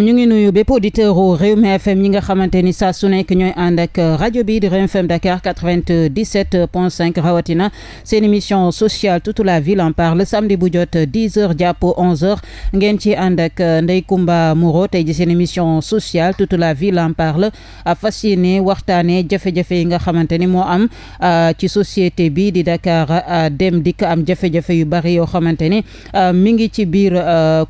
ñu ngi nuyu bépp auditeur u Rewmi FM ñi nga xamante ni saa su nekk ñooy ànd ak rajo bi di Rewmi FM Dakar 97.5 rawatina seen émission sociale toute la ville en parle samedi bu jot 10 heures jàpp 11 heures ngeen ci ànd ndey Ndeye Comba Moreau tey ji seen émission sociale toute la ville en parle fas yéene waxtaane jafe-jafe yi nga xamante ni moo am ci société bi di Dakar dem dikk am jafe-jafe yu bari yoo xamante ni mi ngi ci biir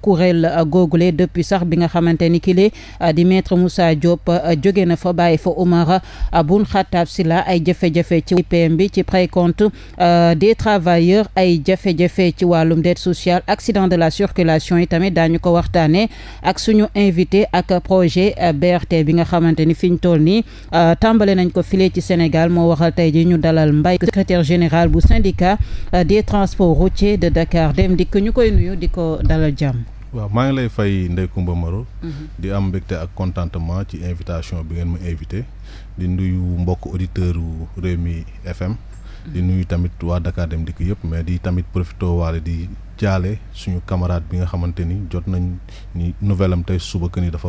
kuréel googule depuis sax bi nga xamante xamante ni kile ah, di maître Moussa Diop ah, jóge na fa bàyyi fa Oumar ah, Boun Khatab Sylla ay jafe-jafe ci IPM bi ci précompte des travailleurs ay jafe ci wàllum dette sociale accident de la circulation yi tamit daañu ko waxtaane ak suñu invité ak projet BRT bi nga xamante ni fi ñu toll nii tàmbale nañ ko file ci Sénégal moo waxal tey ji ñu dalal Mbaye secrétaire général bu syndicat des transports routiers de Dakar Dem Dikk ñu koy nuyu di ko dalal jàmm waaw maa ngi lay fay Ndeye Comba Moreau mhm. di am mbégte ak contentement ci invitation bi ngeen ma invité di nuyu mbokk auditeur u Rewmi FM mhm. di nuyu tamit waa Dakar Dem Dikk yëpp mais di tamit profité waale di jaale suñu camarade bi nga xamante ni jot nañ ni nouvelle am tey suba que ni dafa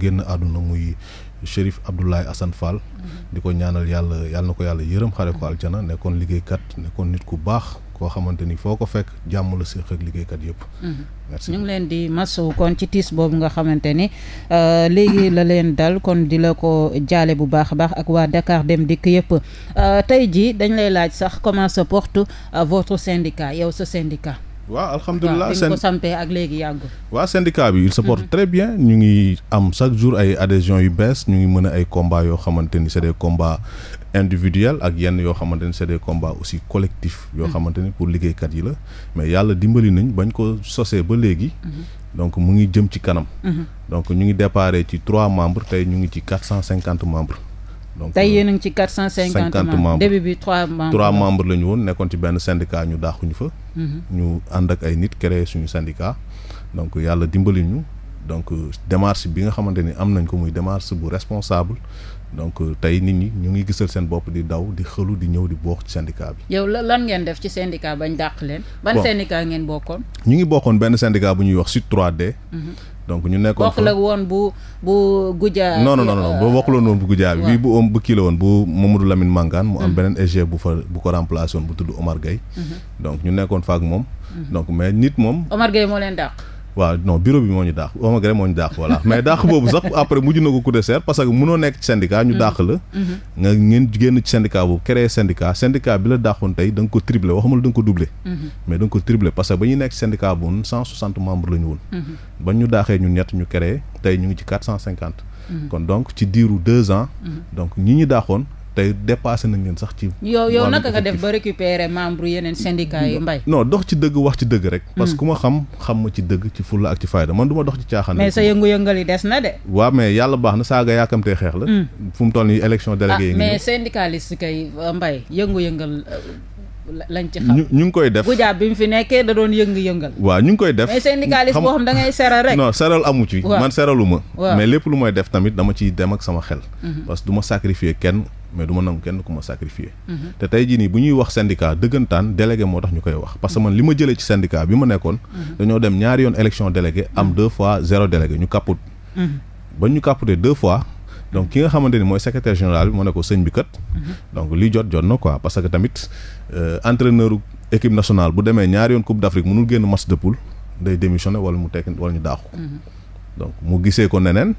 génn àdduna muy Chérif Abdoulaye Assane Fall mhm. di ko ñaanal yàlla yàlla na ko yàlla yërëm xare ko aljana nekkoon liggéeykat nekkoon nit ku baax koo xamante ni foo ko fekk jàmm la séq ak liggéeykat yëpp. Mhm. merci ñu ngi leen di masawu kon ci tiis boobu nga xamante ni euh, léegi la leen dal kon di la ko jaale bu baax a baax ak waa Dakar dem dikk yëpp euh, tey jii dañ lay laaj sax comment se porte euh, votre syndicat yow sa syndicat. waaw alhamdulilah seen ko sampee ak léegi yàggul. waaw syndicat bi il se porte mhm. très bien ñu ngi am chaque jour ay adhésion yu bees ñu ngi mën ay combats yoo xamante ni c'est des combats. individuel ak yenn yoo xamante ni c'est des combats aussi collectifs yoo xamante ni pour liggéeykat yi la mais yàlla dimbali nañ bañ ko sosee ba léegi donc mu ngi jëm ci kanam donc ñu ngi déparé ci trois membres tey ñu ngi ci quatre cent cinquante membres donc tey yéen a euh, ngi ci cent cinquante membres début bi trois membres trois la ñu woon nekkoon ci benn syndicat ñu daaxuñu fa mhm. ñu ànd ak ay nit créer suñu syndicat donc yàlla dimbali ñu donc euh, démarche bi nga xamante ni am nañ ko muy démarche bu responsable donc euh, tey nit ñi ñu ngi gisal seen bopp di daw di xëlu di ñëw di bokk ci syndicat bi. yow lan ngeen def ci syndicat bañ dàq leen. ban syndicat ngeen bokkoon. ñu ngi bokkoon benn syndicat bu ñuy wax SUT 3D. Mhm. donc ñu nekkoon bokk la woon bu bu Goudia. non non non euh, boo bokkul woon bu Goudia bi. bii bu om bu kii la woon bu Mamadou Lamine Mangane. mu am mhm. beneen EG bu fa bu ko remplacé bu tudd Omar mhm. donc ñu nekkoon fa ak moom. donc mais nit moom. Omar Gueye moo leen dàq. waaw non bureau bi moo ñu daax amagré moo ñu daax voilà mais daax boobu sax après mujj na ko coup de serre parce mënoo nekk ci syndicat ñu mm-hmm. daax la mm-hmm. nga ngeen génn ci syndicat boobu créer syndicat syndicat bi la daaxoon tey da ko tripler waxuma la ko doubler mm-hmm. mais da ko tripler parce ba ñuy nekk syndicat bu woon cent soixante membres la woon ba ñu daaxee ñu ñett ñu créer tey ñu ngi ci quatre cent cinquante kon donc ci diiru deux ans donc ñi tey dépassé nañ leen sax ci. yow yow naka nga def ba récupérer membre yeneen syndicats yi mbay. non dox ci dëgg wax ci dëgg rek. Hmm. parce ku ma xam xam ma ci dëgg ci fulla ak ci fayda man du dox ci caaxaan. mais sa yëngu-yëngal des na de. waaw mais yàlla baax na saaga yaakamtee xeex la. Hmm. fu toll nii élection délégué ah, yi. mais syndicaliste kay mbay yëngu-yëngal. Euh, lañ ci xam ñu ngi koy def gujaab bi mu fi nekkee da doon yëngu-yëngal waaw ñu ngi koy def mais syndicaliste boo xam da seral rek non seral amu ci man seraluma mais lépp lu may def tamit dama ciy dem ak sama xel mhm. parce que du ma sacrifier kenn mais du ma kenn ku ma sacrifier mhm. te tey jii nii bu ñuy wax syndicat dëggantaan délégué moo tax ñu koy wax parce que man li ma jëlee ci syndicat bi ma nekkoon mhm. dañoo dem ñaari yoon élection délégué am deux fois zéro délégué ñu kaput ba ñu kaputee deux fois donc ki nga xamante ni mooy secretaire général bi moo ne ko sëñ bi kat. donc lii jot jot na ko parce que tamit euh, entraîneur équipe nationale bu demee ñaari yoon coupe d' Afrique mënul génn match de poule day démissionné wala mu tekk wala ñu daaxu. Mhm. donc mu gisee ko neneen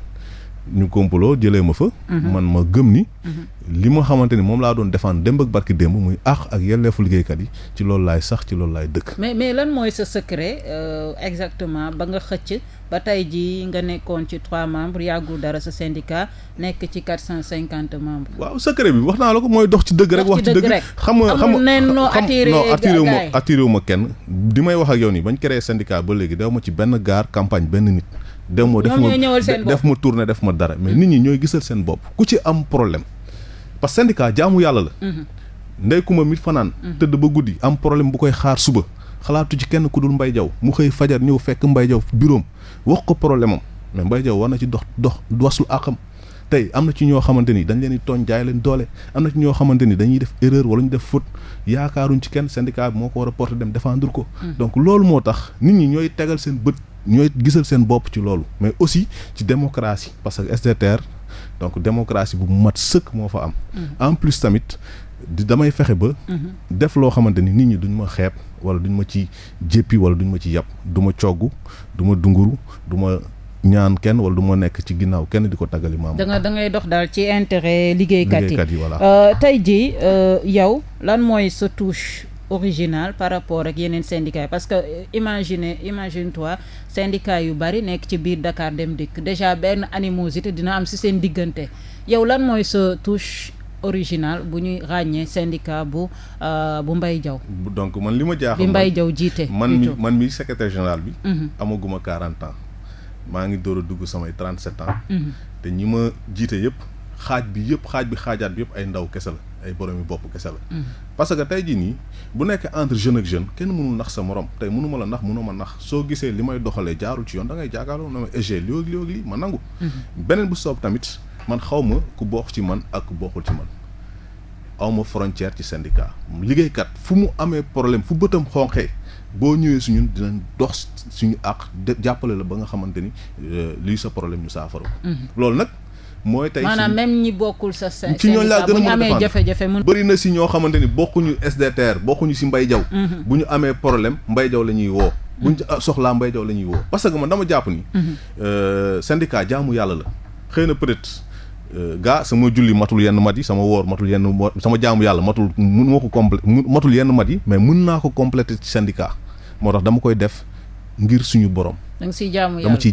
ñu kompaloo jëlee ma fa. Mhm. man ma gëm ni. Mhm. li ma xamante ni moom laa doon défendre démb ak barki démb muy àq ak yelleefu liggéeykat yi ci loolu laay sax ci loolu laay dëkk. mais mais lan mooy sa secret euh, exactement ba nga xëcc ba tey jii nga nekkoon ci trois membres yàggul dara sa syndicat nekk ci quatre cent cinquante membres. waaw secret bi wax naa la ko mooy dox ci dëgg rek. wax ci dëgg rek xam nga xam nga non attiré wu ma wu ma kenn. di may wax ak yoon yi bañ créé syndicat ba léegi daw ma ci benn gaar campagne benn nit. deux mois def ma def ma tourné def ma dara mais mm-hmm. nit ñi ñooy gisal seen bopp ku ci am problème parce que syndicat jaamu yàlla la mm-hmm. ndey kuma mi fanaan mm-hmm. tëdd ba guddi am problème bu koy xaar suba xalaatu ci kenn ku dul mbay Diaw mu xëy fajar ñëw fekk Mbaye Diaw bureau wax ko problème am mais Mbaye Diaw war na ci dox dox waslu àqam tey am na ci ñoo xamante ni dañ leen di tooñ jaay leen doole am na ci ñoo xamante ni dañuy def erreur wala ñu def faute yaakaaruñ ci kenn syndicat bi moo ko war a dem défendre ko mm. donc loolu moo tax nit ñi ñooy tegal seen bët ñooy gisal seen bopp ci loolu mais aussi ci démocratie parce que SDTR donc démocratie bu mat sëkk moo fa am. Mm-hmm. en plus tamit di damay fexe ba. Mm-hmm. def loo xamante ni nit ñi duñ ma xeeb wala duñ ma ci jéppi wala duñ ma ci yàpp du ma cogg du ma dunguru du ma. ñaan kenn wala du ma nekk ci ginnaaw kenn di ko tàggali maam. da nga da ngay dox daal ci intérêt liggéeykat yi liggéeykat voilà. Euh, tey jii euh, yow lan mooy sa touche original par rapport ak yeneen syndicat yi parce que euh, imagine imagine toi syndicat yu bari nekk ci biir dakaar dem dikk déjà benn animosité dina am si seen diggante yow lan mooy sa touche original bu ñuy ràññee syndicat bu euh, bu mbay jaw donc man li ma jaaxal bi mbay Diaw jiite man mi man mi secrétaire général bi mm amaguma quarante maa ngi door a dugg samay trente sept ans mhm. te ñi ma jiite yëpp xaaj bi yëpp xaaj bi xaajaat bi yëpp ay ndaw kese la ay boromi bopp kese la. Mm. parce que tey jii nii bu nekk entre jeune ak jeune kenn mënul nax sa morom tey mënu ma la nax mënu ma nax soo gisee li may doxalee jaarul ci yoon da ngay jaakaaroo na ma égé eh, lii ak lii ma nangu. Mm-hmm. beneen bu soob tamit man xaw ma ku bokk ci man ak ku bokkul ci man. awma frontière ci syndicat liggéeykat fu mu amee problème fu bëtam xonqee boo ñëwee suñu dinañ dox suñu àq jàppale la ba nga xamante ni euh, lii sa problème ñu saafara ko mm-hmm. mooy tey maanaam même ñi bokkul sa seen ci laa gën a mën a amee jafe na si ñoo xamante ni bokkuñu SDTR bokkuñu si mbay jaw mhm. bu ñu amee problème mbay jaw la ñuy woo buñ mhm. soxlaa mbay jaw la ñuy woo parce que man dama jàpp ni mhm. euh, syndicat jaamu yàlla la xëy na peut-être euh, gaa sama julli matul yenn mat yi sama woor matul yenn sama jaamu yàlla matul mun ma ko complé matul yenn mat yi mais mun naa ko complété ci syndicat moo tax dama koy def ngir suñu borom dama ciy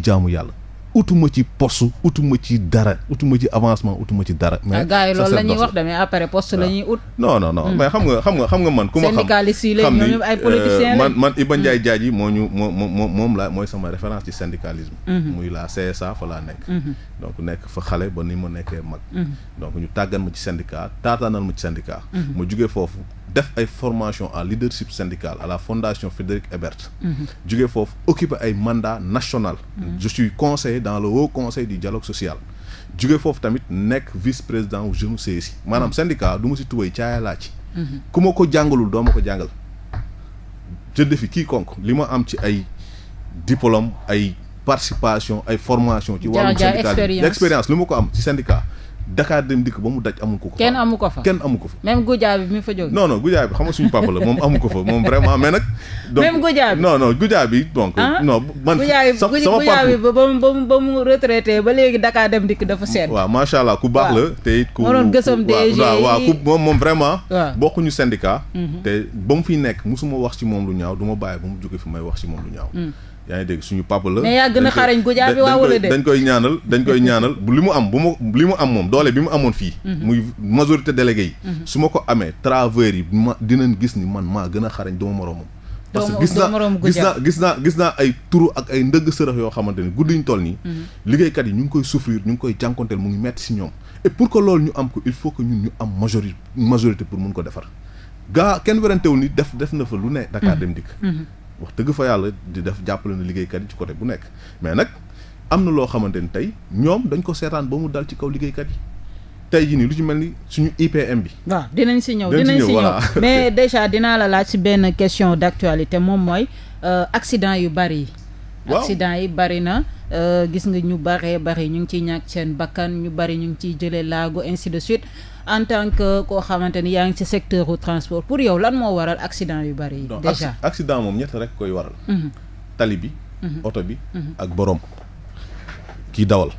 jaamu yàlla utuma ci poste utuma ci dara utuma ci avancement utuma ci dara. Ah, mais gars yi loolu la ñuy wax damay après poste la ñuy ut. non non non hmm. mais xam nga xam nga xam nga man. ku ma xam syndicaliste yi léegi ñoom ay euh, politiciens man man Iba Ndiaye hmm. Diadji moo ñu moo moo moom la mooy sama référence ci syndicalisme. Hmm. muy la CSA fa laa nekk. donc nekk fa xale ba ni ma nekkee mag. ñu tàggat ma ci syndicat taataanal ma ci syndicat. ma jugee foofu. def ay formation en leadership syndical à la fondation Frédéric Ebert. jugee foofu occuper ay mandat national. je suis conseiller dans le haut conseil du dialogue social jóge foofu tamit nekk vice président wu jeune CSI maanaam mm-hmm. syndicat du ma si tubay caaya laa ci mm-hmm. ku ma ko jàngalul doo ma ko jàngal je défie quiconque li ma am ci ay diplôme ay participation ay formation ci wàllu syndicat expérience li ma ko am ci syndicat Dakar dem dikk ba mu daj amu ko. kenn amu ko fa kenn amu ko fa. même Goudiaby bi mi fa jógee. non non bi xam suñu papa la moom amu ko fa moom vraiment mais nag. donc même Goudiaby bi non non Goudiaby bi donc. Ah? non man sama sama papa bi ba mu ba mu retraité ba léegi Dakar dem dikk dafa seet. waaw macha moom bokkuñu syndicat. Mhm. te ba mu fiy nekk musuma wax ci moom lu ñaaw du ma bàyyi ba mu jóge fi may wax ci moom lu ñaaw. Mm. yaa ngi dégg suñu papa la. mais yaa gën a xarañ Goudia dañ koy ñaanal dañ koy ñaanal li mu am bu mu li mu am moom bi mu amoon fii. Mhm. muy majorité délégué yi. Mhm. su ma ko amee travailleurs yi ma dinañ gis ni man maa gën a xarañ duma moromam. parce que gis naa gis naa gis naa gis naa ay turu ak ay ndëgg yoo xamante ni guddi ñu nii. Mhm. liggéeykat yi ñu ngi koy souffrir ñu ngi koy jànkonteel mu ngi metti si pour que loolu ñu am ko il faut que ñun ñu am majorité majorité pour mun ko defar gaa kenn werantewul nii def def na fa lu ne. Dakar dem dikk wax dëgg fa yàlla di def jàppale na liggéeykat yi ci côté bu nekk mais nag am na loo xamante ni tey ñoom dañ ko seetaan ba mu dal ci kaw liggéeykat yi tey jii nii lu ci mel ni suñu IPM bi. waaw dinañ si ñëw dinañ si ñëw mais déjà dinaa la laaj si benn question d'actualité moom mooy euh, accident yu bari yi. accident yi bari na. Euh, gis nga ñu baree bari ñu ngi ciy ñàkk seen bakkan ñu bari ñu ngi ciy jëlee laago ainsi de suite. en tant que koo xamante ni yaa ngi ci secteur u transport pour yow lan moo waral accident yu bari yi déjà accident moom ñett rek koy waral mhm. tali bi mhm. oto bi mhm. ak borom kii dawal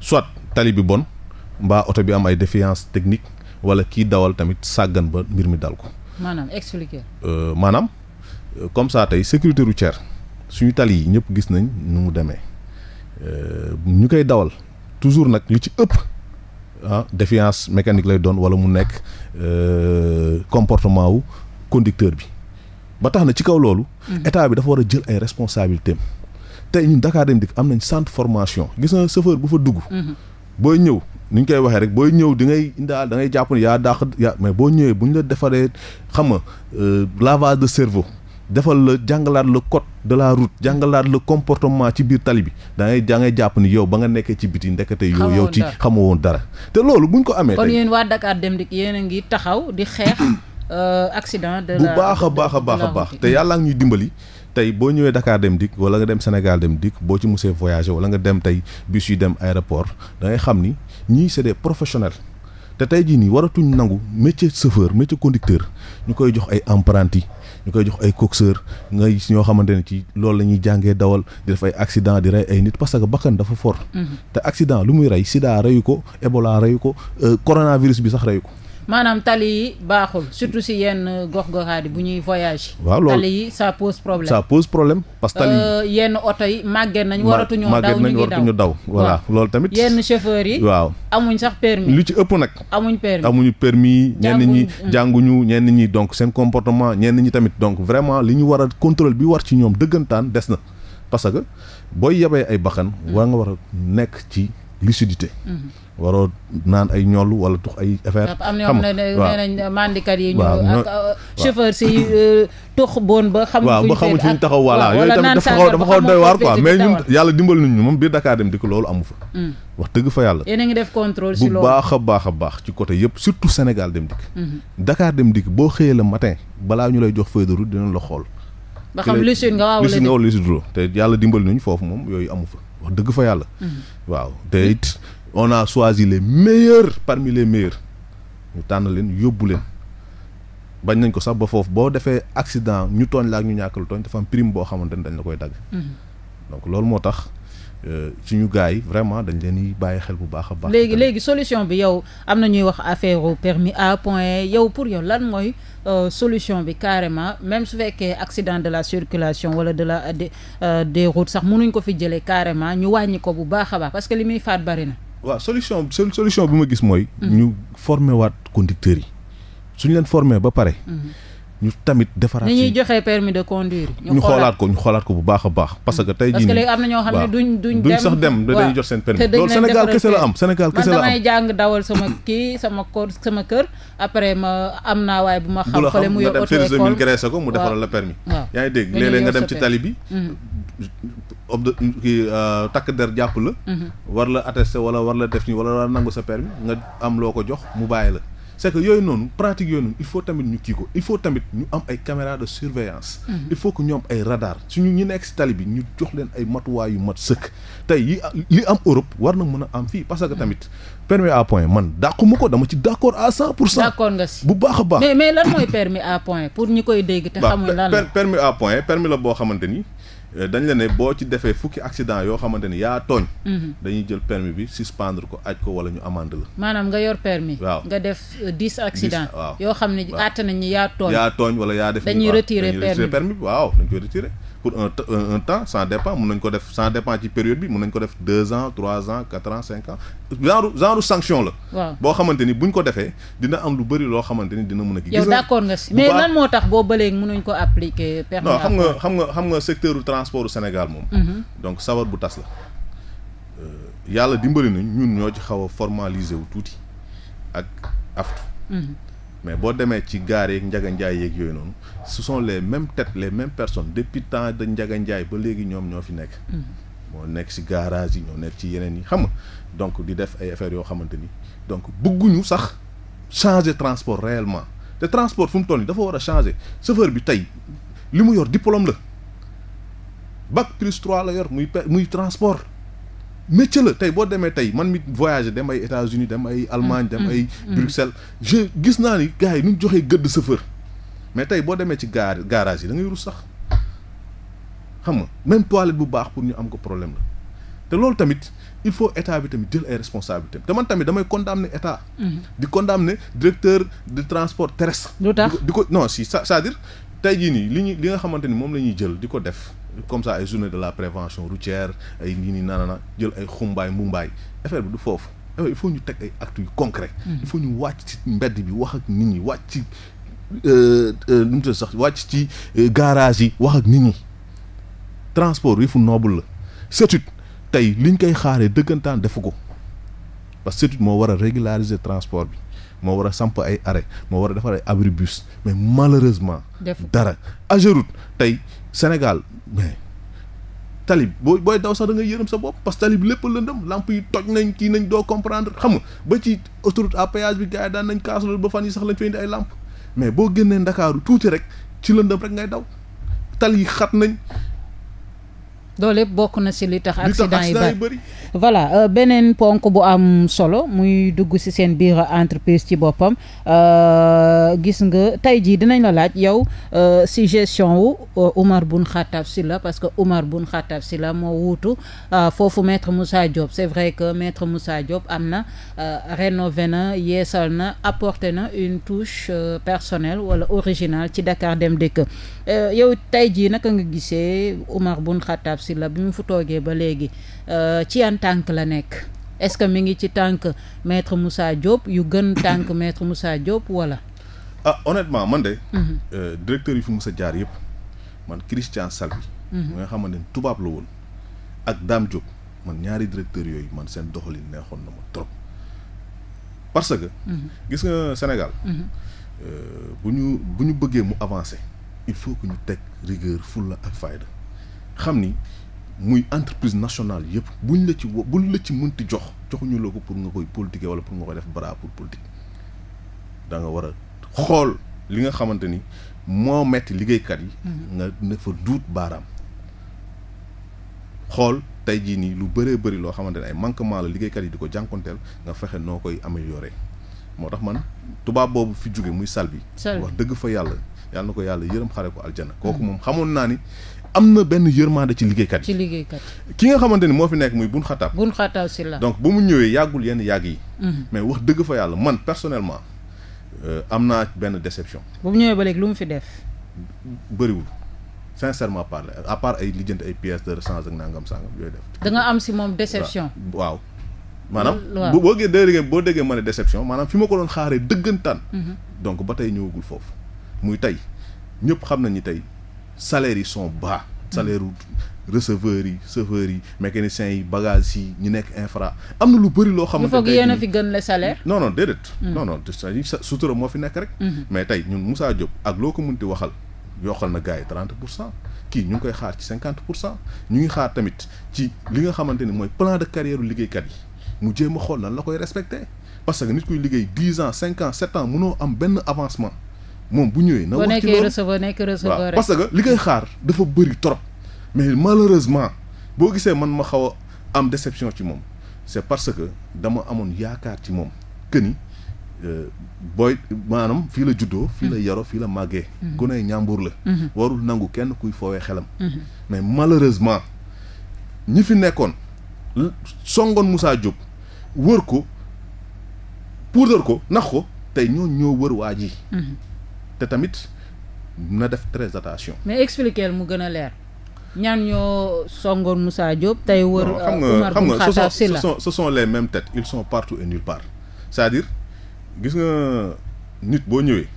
soit tali bi bon mbaa oto bi am ay défiance technique wala kii dawal tamit sàggan ba mbir mi dal ko maanaam expliquer euh, maanaam euh, comme ça tey sécurité routière suñu tali yi ñëpp gis nañ nu mu demee euh, ñu koy dawal toujours nag li ci ëpp ah défiance mécanique lay doon wala mu nekk euh, comportement wu conducteur bi ba tax na ci kaw loolu. Mhm. état bi dafa war a jël ay responsabilités tey ñun Dakar Dem Dikk am nañ centre formation gis na chauffeur bu fa dugg. Mhm. booy ñëw ni ñu koy waxee rek booy ñëw di ngay indaal da ngay jàpp ne yaa dàq yaa mais boo ñëwee bu ñu la defaree xam la euh, lavage de cerveau. defal la jàngalaat la code de la route jàngalaat la comportement ci biir tali bi da ngay jàpp ni yow ba nga nekkee ci biti ndekete yow yow ci xamoo woon dara te loolu bu ñu ko amee kon waa Dakar Dem Dikk yéen a ngi taxaw di xeex euh, accident de baax a baax a baax a baax te yàlla ñuy dimbali tey boo ñëwee dakaar dem dikk wala nga dem Sénégal dem dikk boo ci musee voyager wala nga dem tey bus yu dem aéroport da ngay xam ni ñii c'est des professionnels te tey jii nii waratuñ nangu métier chauffeur métier conducteur ñu koy jox ay apprentis ñu koy jox ay coxeur nga gis ñoo xamante ne ci loolu la ñuy jàngee dawal di def ay accident di rey ay nit parce que bakkan dafa fort. Mhm. te accident lu muy rey sida reyu ko Ebola reyu ko euh, coronavirus bi sax reyu ko. maanaam tali yi baaxul surtout si yenn gox-goxaat bu ñuy voyage waaw loolu tali yi ça pose problème ça parce que tali yi euh, yenn oto yi màgget nañ waratuñu daw ñu ngi daw waratuñu daw voilà loolu tamit yenn chauffeur yi waaw amuñ sax permis lu ci ëpp nag amuñ permis amuñu permis ñenn ñi mm. jànguñu ñenn ñi donc seen comportement ñenn ñi tamit donc vraiment li ñu war a contrôle bi war ci ñoom dëggantaan des na parce que booy yebee ay baxan mm. war nga war a nekk ci lucidité. waroo naan ay ñoolu wala tux ay affaire. xam nga am na nee nañ mandikat yi. waaw ñu ak euh, chauffeur si euh, tux bon ba. xamuñ fu ñu xamuñ fu ñu taxaw voilà yooyu tamit dafa xaw dafa xaw doy waar quoi mais ñun yàlla dimbal nañ ñu moom biir Dakar dem di ko loolu amu fa. Mm. wax dëgg fa yàlla. a ngi def contrôle si loolu bu baax a baax a baax ci côté yëpp surtout Sénégal dem dikk. Mm-hmm. Dakar dem dikk boo xëyee le matin balaa ñu lay jox feuille de la xool. ba xam lucide nga waaw wala te yàlla dimbal nañu foofu moom yooyu amu wax dëgg fa yàlla. Mm-hmm. waaw te it on a choisi les meilleurs parmi les meilleurs ñu tànn leen yóbbu leen. bañ nañ ko sax ba foofu boo defee accident ñu tooñ la ak ñu ñàkk lu tooñ dafa am boo xamante ne dañ la koy dagg. Mm-hmm. donc loolu moo tax. Euh, suñu gars yi vraiment dañ leen di bàyyi xel bu baax a baax. léegi léegi solution bi yow am na ñuy wax affaire au permis à point yow pour yow lan mooy euh, solution bi carrément même su fekkee accident de la circulation wala de la des euh, des routes sax mënuñ ko fi jëlee carrément ñu wàññi ko bu baax baax parce que li muy faat bari na. waaw solution solution bi ma gis mooy. Mm-hmm. ñu former waat conducteurs yi suñ leen former ba pare. Mm-hmm. ñu tamit defaraat ci ñuy joxe permis de conduire. ñu xoolaat ko ñu xoolaat ko bu baax a baax. parce que tey jii parce que léegi am na ñoo xam ne duñ duñ. dem sax dem dañuy jox seen permis loolu Sénégal kese la am Sénégal kese la sama kii sama kóor sama kër. après ma am naa waaye bu ma xam. fële mu yor auto école mu graissé ko mu defaral la permis. waaw yaa ngi dégg léeg-léeg nga dem ci tali bi. Mm-hmm. ob kii euh, takk der jàpp la. Mm-hmm. war la attesté wala war la def nii wala war nangu sa permis nga am loo ko jox mu bàyyi la c'est yooyu noonu pratique yooyu noonu il faut tamit ñu kii ko il faut tamit ñu am ay caméra de surveillance mhm. il faut que ñu am ay radar suñu ñu nekk si tali bi ñu jox leen ay matuwaay yu mat sëkk tey yi li am Europe war na mën a am fii parce que mhm. tamit permis à point man dàquma ko dama ci d'accord à pour cent d'accord nga si bu baax a baax mais mais lan mooy permis à point pour ñu koy dégg te xamul lan la permis à point permis la boo xamante ni Euh, dañ la ne boo ci defee fukki accident yoo xamante ne yaa tooñ. Mhm. dañuy jël permis bi suspendre ko aj ko wala ñu amande la. maanaam nga yor permis waaw nga def euh, dix accident yoo xam ne àtte nañ ni yaa tooñ. yaa tooñ wala yaa def. dañuy retirer permis bi waaw dañ koy retirer. pour un un temps ça dépend mun nañ ko def ça dépend ci période bi mun nañ ko def deux ans trois ans quatre ans cinq ans genre genre sanction la. boo xamante ni buñ ko defee dina am lu bëri loo xamante ni dina mun a. gis yow d'accord nga si mais lan moo tax boo ba léegi mënuñ ko appliquer. non xam nga xam nga xam nga secteur transport Sénégal moom. Mm-hmm. donc sawar bu tas la. Euh, yàlla dimbali nañ ñun ñoo ci xaw a wu tuuti ak aftu. Mm-hmm. mais boo demee ci gaar yeeg Njaga Njaay yooyu noonu ce sont les mêmes têtes les mêmes personnes depuis temps de Njaga Njaay ba léegi ñoom ñoo fi nekk mm-hmm. moo nekk ci garage yi ñoo nekk ci yeneen yi xam nga donc di def ay affaires yoo xamante ni donc bëgguñu sax changer transport réellement te transport fu mu toll nii dafa war a changer chauffeur bi tey li mu yor diplôme la bac plus trois la yor muy muy transport métier la tey boo demee tey man mi voyagé dem ay États-Unis dem ay Allemagne dem mm, ay mm, mm. Bruxelles je gis naa ni gars yi nu joxee gëdd chauffeur mais tey boo demee ci gaar garage yi da ngay rus sax xam nga même toilette bu baax pour ñu am ko problème la te loolu tamit il faut état bi tamit jël ay responsabilités te man tamit damay condamner état. Mm-hmm. di condamner directeur de transport terrestre. lu tax di ko non si c'est-à-dire tey jii nii li ñu li nga xamante ni moom la ñuy jël di ko def. comme ça ay journée de la prévention routière ay nii nii naanana jël ay xumbaay mumbaay affaire bi du foofu il faut ñu teg ay actes yu concret mm. il faut ñu wàcc ci mbedd bi wax ak nit ñi wàcc ci euh, euh, nu mu tudd sax wàcc ci euh, garage yi wax ak nit ñi transport yi fu noble la surtout tey liñ koy xaaree dëggantaan defu ko parce que moo war a régulariser transport bi moo war a samp ay arrêt moo war a defar ay bus mais malheureusement dara Ageroute tey Sénégal mais talib boo booy daw sax da ngay yërëm sa bopp parce que talib lépp lëndëm làmp yi toj nañ kii nañ doo comprendre xam nga ba ci autoroute à péage bi gars daan nañ kaas loolu ba fan yi sax lañ fay indi ay làmp mais boo génnee ndakaaru tuuti rek ci lëndëm rek ngay daw tal yi xat nañ loolu lépp bokk na ci li tax accident yi bëri voilà euh, beneen ponk bu am solo muy dugg si seen biir entreprise ci boppam euh, gis nga tey jii dinañ la laaj yow euh, ci gestion wu euh, Oumar Boun si la parce que Oumar Boun si la moo wuutu euh, foofu maître Moussa Diop c'est vrai que maître Moussa Diop am na rénové na yeesal na apporté na une touche personnel wala originale ci Dakar Dem Dikk yow tey jii naka nga gisee Oumar Boun Khattab Sylla bi mu fu toogee ba léegi euh, ci yan tànk la nekk est-ce que mi ngi ci tànk maître musaa Diop yu gën tànk maître musaa Diop walla ah honnêtement man de. Mhm. Euh, directeur yi fi Moussa jaar yëpp man Christian Salvi. Mhm. mu nga xamante ne tubaab la woon ak Dame Diop man ñaari directeur yooyu man seen doxalin neexoon na ma trop parce que. Mhm. gis nga Sénégal. Euh, bu ñu bu ñu bëggee mu avancé il faut que ñu teg rigueur fulla ak fayda xam ni. muy entreprise nationale yëpp buñ la ci wo buñ la ci mënti jox joxuñu la ko pour nga koy politiquer wala pour nga koy def bara pour danga da war a xool li nga xamante ni moo metti liggéeykat yi. Mm-hmm. nga ne fa duut baaraam. xool tey jii nii lu bëree bari loo xamante ne ay manquement la liggéeykat yi di ko jànkonteel nga fexe noo koy améliorer moo tax man tubaab boobu fi jóge muy sal bi wax dëgg fa yàlla yàlla na ko yàlla yërëm xare ko aljana kooku mm-hmm. moom xamoon naa ni. am na benn yërmande ci liggéeykat yi. ci liggéeykat yi ki nga xamante ni moo fi nekk muy bun xataab. bun xataab si la donc bu mu ñëwee yenn yàgg yi. Mhm. mais wax dëgg fa yàlla man personnellement euh, am naa benn déception. bu mu ba léegi lu mu fi def. bëriwul sincèrement parler à part ay lijjanti ay pièces de nangam sangam yooyu def. da nga am si moom déception. waaw. maanaam bu boo déggee boo déggee ma ne déception maanaam fi ma ko doon xaaree dëggantaan. Mhm. donc ba tey ñëwagul foofu muy tey ñëpp xam nañ ni tey. salaires yi sont bas salaire receveurs yi seveur yi mécaniciens yi bagages yi ñu nekk infra am na lu bëri loo xamante ne foog yéen a fi gën le salaire. non non déedéet. Mm. non non sutura moo fi nekk rek. Mm-hmm. mais tey ñun Moussa Diop ak loo ko munti waxal yokkal na gars yi trente pour cent kii ñu ngi koy xaar ci cinquante pour cent ñu ngi xaar tamit ci li nga xamante ni mooy plan de carrière liggéeykat yi mu jéem a xool nan la koy respecté parce que nit kuy liggéey dix ans cinq ans sept ans am benn avancement. moom bu ñëwee. na wax ci loolu receveur parce que li koy xaar dafa bëri trop. mais malheureusement boo gisee man ma xaw a am déception ci moom c' est parce que dama amoon yaakaar ci moom que ni euh, booy maanaam fii la juddoo. fii la mm-hmm. yaroo fii la màggee. ku mm-hmm. ne ñàmbur la. Mm-hmm. warul nangu kenn kuy foowee xelam. mais malheureusement ñi fi nekkoon songoon musaa Diop wër ko puudar ko nax ko tey ñoo ñoo wër waa ji. te tamit na def très attention. mais expliquer mu gën a leer. ñaan ñoo songoon Moussa Diop. tey wër Oumar euh, Boun Khatab Sylla xam nga ce sont les mêmes têtes ils sont partout et nulle part c'est-à-dire gis nga nit boo ñëwee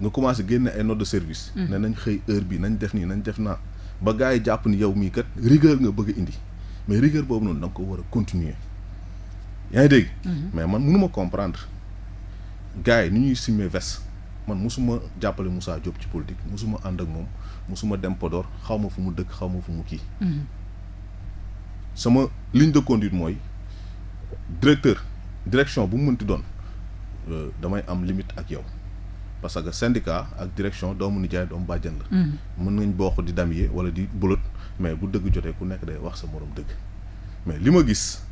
nga commencé génne ay notes de service. Mm. ne nañ xëy heure bi nañ def nii nañ def naa ba gars yi jàpp ni yow mii kat rigueur nga bëgg indi mais rigueur boobu noonu da ko war a continuer yaa ngi dégg. Mm-hmm. mais man mënuma comprendre gars yi ni ñuy simmee vest man mosuma jàppale Moussa Diop ci politique mosuma ànd ak moom mosuma dem Podor xaw ma fu mu dëkk xaw ma fu mu kii. Mm-hmm. sama ligne de mooy directeur direction bu mu mënti doon euh, damay am limite ak yow parce que syndicat ak direction doomu nijaay doomu bàjjan la. Mm-hmm. mën nañ bokk di damier wala di bulot mais bu dëgg jotee ku nekk day wax sa moroom dëgg mais li ma gis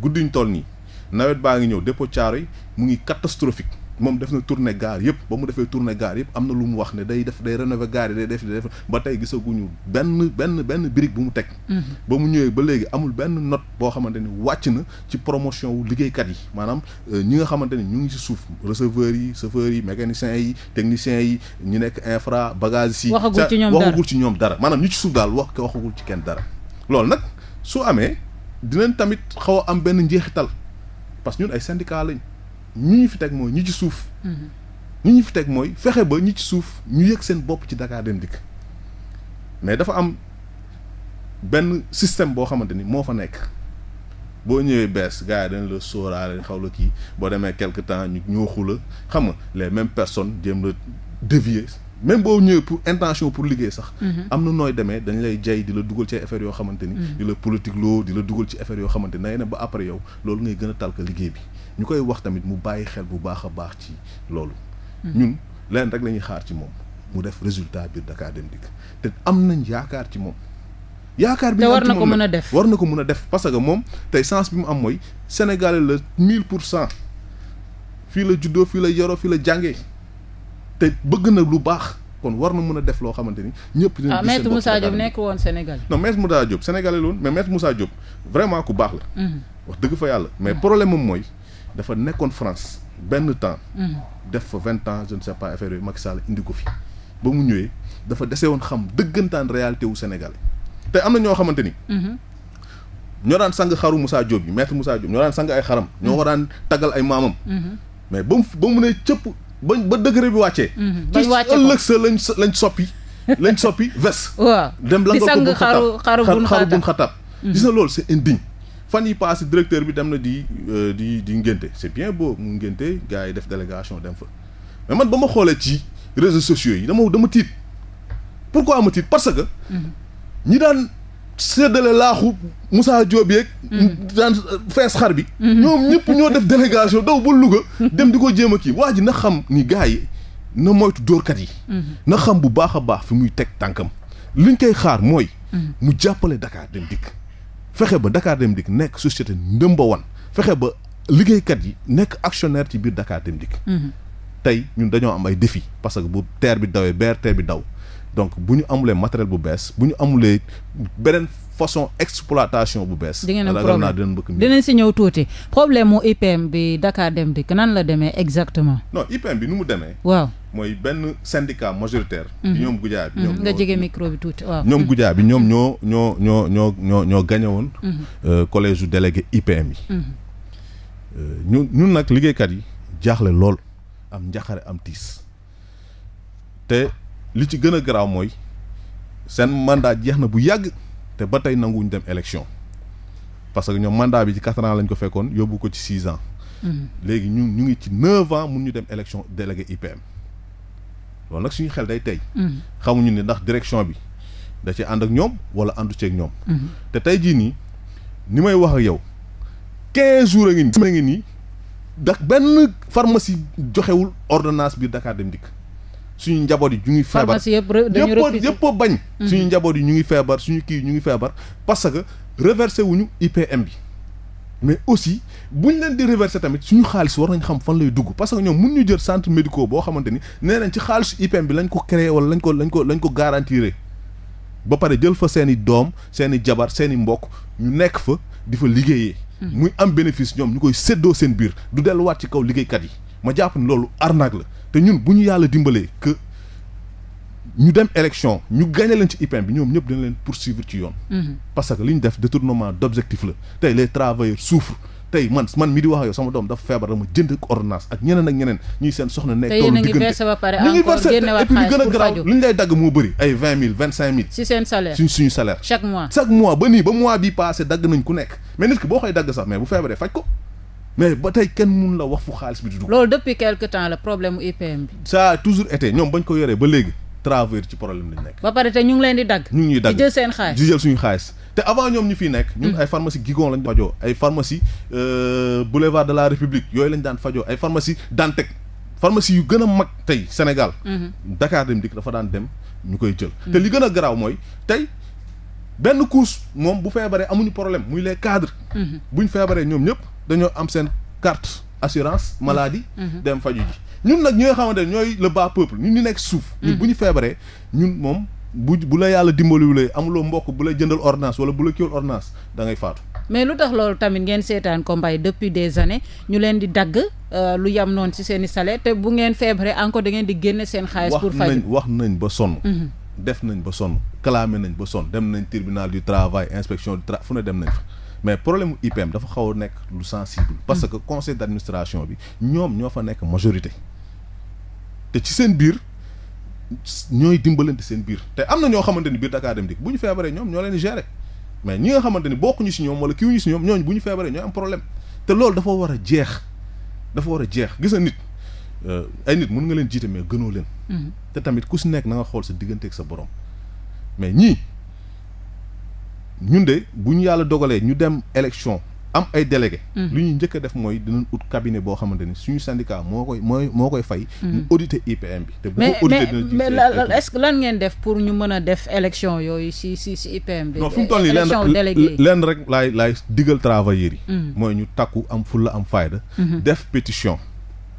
guddiñ toll nii nawet baa ngi ñëw dépôt caaro yi mu ngi catastrophique. moom def na tournée gare yëpp ba mu defee tournée gare yëpp am na lu mu wax ne day def day rénover gare yi day def day def ba tey gisaguñu benn benn benn brique bu mu teg mhm. ba mu ñëwee ba léegi amul benn not boo xamante ni wàcc na ci promotion wu liggéeykat yi maanaam euh, ñi nga xamante ni ñu ngi si suuf receveurs yi chauffeurs yi mécaniciens yi techniciens yi ñu nekk infra bagage yi waxagul ci ñoom dara maanaam ñi ci suuf daal wax waxagul ci kenn dara loolu nag su amee dinañ tamit xaw a am benn njeexital parce que ñun ay syndicat lañ ñu ñu fi teg mooy ñi ci suuf. ñi ñu fi teg mooy fexe ba ñi ci suuf ñu yëg seen bopp ci Dakar Dem Dikk mais dafa am benn système boo xamante ni moo fa nekk boo ñëwee bees gars yi dañ la sóoraale xaw la kii boo demee quelque temps ñu ñoo xula xama les mêmes personnes jéem la dévier même boo ñëwee pour intention pour liggéey sax. Mhm. am na nooy demee dañu lay jay di la dugal ci affaire yoo xamante ni. Mhm. di la politique loo di la dugal ci affaire yoo xamante ni na ba après yow loolu ngay gën a talka liggéey bi ñu koy wax tamit mu bàyyi xel bu baax a baax ci loolu. Mhm. ñun leen rek la xaar ci moom mu def résultat biir Dakar Dem Dikk te am nañ yaakaar ci moom. yaakaar bi war na ko mën a def war na ko mën a def parce que moom tey sens bi mu am mooy sénégalais la 1000 pour cent fii la juddoo fii la yoroo fii la jàngee. te bëgg na lu baax kon war na mën a def loo xamante ni ñëpp. dinañ ah, gis maître Moussa Diop nekk woon Sénégal. non maître Moussa Diop sénégalais la woon mais maître Moussa Diop vraiment ku baax la. Mhm. wax dëgg fa yàlla mais mhm. mhm. fa vingt ans je ne sais pas affaire yooyu Macky Sall indi ko fi ba mu ñëwee dafa dese woon xam dëggantaan wu Sénégal te am ñoo xamante ni. ñoo daan sang xaru Moussa Diop yi maître Moussa Diop ñoo daan sang ay xaram. ñoo ko daan taggal ay maamam. mais ba mu ba mu ne cëpp ba ba bi wàccee. Mhm, bañ wàcce ko ci ëllëg sa lañ lañ soppi lañ soppi ves. waaw dem la nga ko xaru xaru bun xatab mhm. gis na loolu c'est indigne. fan yi passé directeur bi dem na di euh, di di ngénte c'est bien beau mu ngénte gars yi def délégation dem fa mais man ba ma xoolee ci réseaux sociaux yi dama dama tiit pourquoi ma tiit parce que mhm. ñi daan. seddale laaxu musaa Diop yeeg. Mm. daan fees xar bi. Mm-hmm. ñoom ñëpp ñoo def délégation daw ba Louga. Mm-hmm. dem di ko jéem a kii waa ji na xam ni gars yi na moytu dóorkat yi. Mm-hmm. na xam bu baax a baax fi muy teg tànkam. liñ koy xaar mooy. mu jàppale Dakar dem dikk. fexe ba Dakar dem dikk nekk société ndëmba wan fexe ba liggéeykat yi nekk actionnaire ci biir Dakar dem dikk. tey ñun dañoo am ay défi parce que bu teer bi dawee beer teer bi daw. donc bu ñu amulee matériel bu bees bu ñu amulee beneen façon exploitation bu bees. di ngeen am problème dinañ si ñëw tuuti problème mu IPM bi Dakar Dem Dikk nan la demee exactement. non IPM bi nu mu demee. waaw mooy benn syndicat majoritaire. Mhm. bi ñoom Goudiaby bi mhm. ñoom nga jege micro bi tuuti waaw. ñoom mhm. Goudiaby bi ñoom ñoo ñoo ñoo ñoo ñoo ñoo gagné woon. Euh, collège su délégué IPM yi. Euh, ñun ñun nag liggéeykat yi jaaxle lool am njaxare am tiis li ci gën a garaaw mooy seen mandat jeex na bu yàgg te ba tey nanguwuñ dem élection parce que ñoom mandat bi ci quatre ans lañ ko fekkoon yóbbu ko ci six ans. Mm-hmm. léegi ñu ñu ngi ci neuf ans mun ñu dem élection délégué IPM. loolu nag suñu xel day tey. Mm-hmm. xamuñu ne ndax direction bi da ci ànd ak ñoom wala àndu ceeg ñoom. Mm-hmm. te tey jii nii ni may wax ak yow quinze jours a ngi nii. ndax benn pharmacie joxewul ordonnance bi Dakar dem dikk. suñu njaboot yi ñu ngi feebar ñëpp yëpp bañ mm-hmm. suñu njaboot yi ñu ngi feebar suñu kii ñu ngi feebar parce que wu ñu IPM bi mais aussi buñ leen di reversé tamit suñu xaalis war nañ xam fan lay dugg parce que ñoom mun ñu jël sant médical boo xamante ni nee nañ ci xaalisu IPM bi lañ ko créé wala lañ ko lañ ko lañ ko garantiré ba pare jël fa seen i doom seen i jabar seen i mbokk ñu nekk fa di fa liggéeyee mm-hmm. muy am bénéfice ñoom ñu koy séddoo seen biir du delluwaat ci kaw liggéeykat yi ma jàpp ni loolu arnaque la te ñun bu ñu yàlla dimbalee que ñu dem élection ñu gagné leen ci IPM bi ñoom ñëpp dina leen poursuivre ci yoon. Mhm. parce que li ñu def détournement d' objectif la tey les travailleurs souffrent. tey man man mi di wax yow sama doom dafa feebar dama jënd ordonnance ak ñeneen ak ñeneen ñuy seen soxna nekk toolu diggante li ñu lay dagg moo bëri ay vingt mille vingt cinq mille si seen salaire chaque mois ba nii ba mois bi passé dagg mais ba tey kenn mun la wax fu xaalis bi di dugg. loolu depuis quelque temps le problème mu IPM bi. ça toujours été ñoom bañ ko yoree ba léegi traver ci problème lañ nekk. ba pare te ñu ngi leen di dagg. ñu ngi dagg di jël seen xaalis di jël suñu xaalis. te avant ñoom ñu fiy nekk. ñun mm. ay pharmacie Guigon lañ daan fajoo ay pharmacie euh, boulevard de la République yooyu lañ daan fajoo ay pharmacie Dantec pharmacie yu gën a mag tey Sénégal. Mm-hmm. dakaar dem dikk dafa daan dem ñu koy jël. Mm. te li gën a garaaw mooy tey. benn couche moom bu feebaree amuñu problème muy les cadres. Mm-hmm. buñ feebaree ñoom ñëpp. dañoo am seen carte assurance mm-hmm. maladie. Mm-hmm. dem faju ji ñun nag ñooy nga xamante ne ñooy le baax peuple ñun ñu nekk suuf. ñun mm-hmm. bu ñu feebaree ñun moom bu bu la yàlla dimbaliwulee amuloo mbokk bu la jëndal ordonnance wala bu la kiiwul ordonnance da ngay faatu. mais lu tax loolu tamit ngeen seetaan ko mbay depuis des années ñu leen di dagg euh, lu yam noonu ci seen i te bu ngeen feebaree encore da ngeen di génne seen xaalis. pour faj wax nañ wax nañ ba sonn. def nañ ba sonn clamé nañ ba sonn dem nañ tribunal du travail inspection du tra fu dem nañ fa. mais problème IPM dafa xaw a nekk lu sensible parce que conseil d'administration bi ñoom ñoo fa nekk majorité te ci seen biir ñooy dimbalante seen biir te am na ñoo xamante ni biir Dakar Dem Dikk bu ñu feebaree ñoom ñoo leen gérer mais ñi nga xamante ni bokkuñu si ñoom wala kiiwuñu si ñoom ñooñu bu ñu feebaree ñooy am problème te loolu dafa war a jeex dafa war a jeex gis na nit euh, ay nit mun nga leen jiite mais gënoo leen. Mhm. te tamit ku si nekk na nga xool sa diggante sa borom mais ñun de bu ñu yàlla dogalee ñu dem élection am ay délégué mhm. lu ñuy njëkk def mooy dinañ ut cabinet boo xamante ni suñu syndicat moo koy mooy moo koy fay mhm. ñu auditer IPM bi te bu ko auditer mais mais est que lan ngeen def pour ñu mën a def yooyu si si si IPM bi non fi mu toll nii leen rek laay laay digal travailleurs yi mhm. mooy ñu takku am fulla am fayda def pétition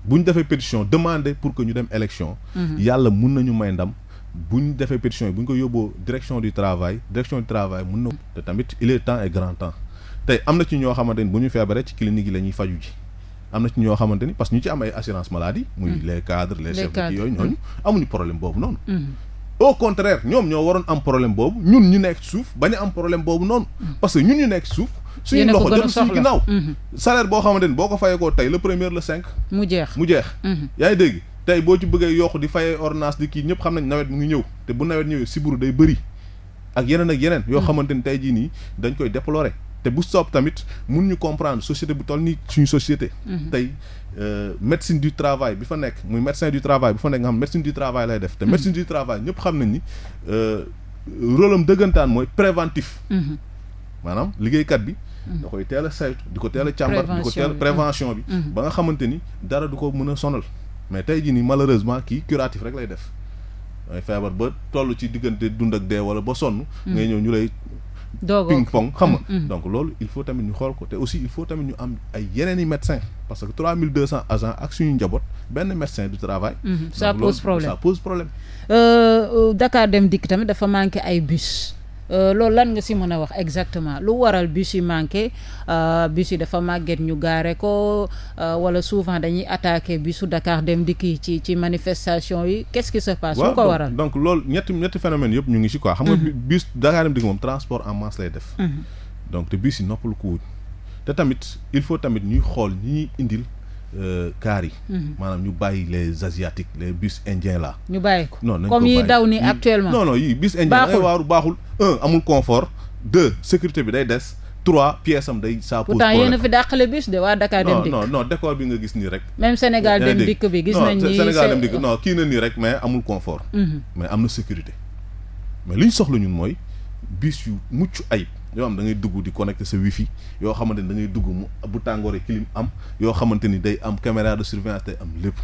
bu ñu defee pétition demander pour que ñu dem élection yàlla mun nañu may ndam bu ñu defee pétition yi bu ñu ko yóbboo direction du travail direction du travail mun na. te tamit il est temps et grand temps tey am na ci ñoo xamante bu ñu feebaree ci clinique yi la faju ji am na ci ñoo xamante ni ñu ci am ay assurance maladie. muy mm. les cadres les chefs de yooyu ñooñu. Mm. amuñu problème boobu noonu. Mm. au contraire ñoom ñoo waroon am problème boobu ñun ñu nekk suuf bañ a am problème boobu noonu. parce ñun ñu nekk suuf. suñu loxo tey boo ci bëggee yokk di fay ordonnance di kii ñëpp xam nañ nawet mu ngi ñëw te bu nawet ñëwee siburu day bëri ak yeneen ak yeneen yoo hmm. xamante ni tey jii nii dañ koy déplorer te bu soob tamit mun ñu comprendre société bu toll nii suñu société hmm. tey euh, médecine du travail bi fa nekk muy médecin du travail bi fa nekk nga xam médecine du travail lay def te hmm. médecine du travail ñëpp xam nañ ni euh, rôle dëggantaan mooy préventif maanaam liggéeykat bi da teel a di ko teel a ko teel prévention bi ba nga xamante ni dara du ko mën a sonal mais tey jii ni malheureusement kii curatif rek lay def feebar ba toll ci diggante dund ak dee wala ba sonn. Mm. ngay ñëw ñu lay. doogoo ping pong xam nga. Mm-hmm. donc loolu il faut tamit ñu xool ko te aussi il faut tamit ñu am ay yeneen i médecins parce que mille 3200 agents ak su suñu njaboot benn médecin du travail. Mm-hmm. ça pose problème ça pose problème. Euh, euh, Dakar Dem Dikk tamit dafa manqué ay bus. Euh, loolu lan nga si mën a wax exactement lu waral bus yi manqué euh, bus yi dafa màgget ñu gaare ko euh, wala souvent dañuy attaqué bisu Dakar dem dikki ci ci manifestation yi qu'est-ce qui se passe. lu ko waral donc loolu ñetti ñetti phénomène yëpp ñu ngi si quoi. xam nga mhm. bus Dakar dem dikki moom transport en masse def. Mhm. donc te bus yi noppalu ko te tamit il faut tamit ñuy xool ñi ñuy indil. Euh, kaar yi. Mhm. maanaam ñu bàyyi les asiatiques les bus indiens là. ñu bàyyi ko non nañ ko bàyyi comme yi daw nii actuellement. non non yii bus indien baaxul eh, waaru baaxul un amul confort deux sécurité bi day des. trois pièces am day. saa pose problème pourtant yéen a fi dàqale de waa Dakar Dem Dikk. non bi nga gis nii rek. même Sénégal Dem Dikk bi gis nañ Sénégal Dem Dikk non kii na nii rek mais amul confort. Mhm. mais am na sécurité. mais li ñu soxla ñun mooy bus yu mucc ayib. yoo da ngay dugg di connecter sa wifi yoo xamante ni da ngay dugg mu bu tàngooree clim am yoo xamante ni day am caméra de surveillance day am lépp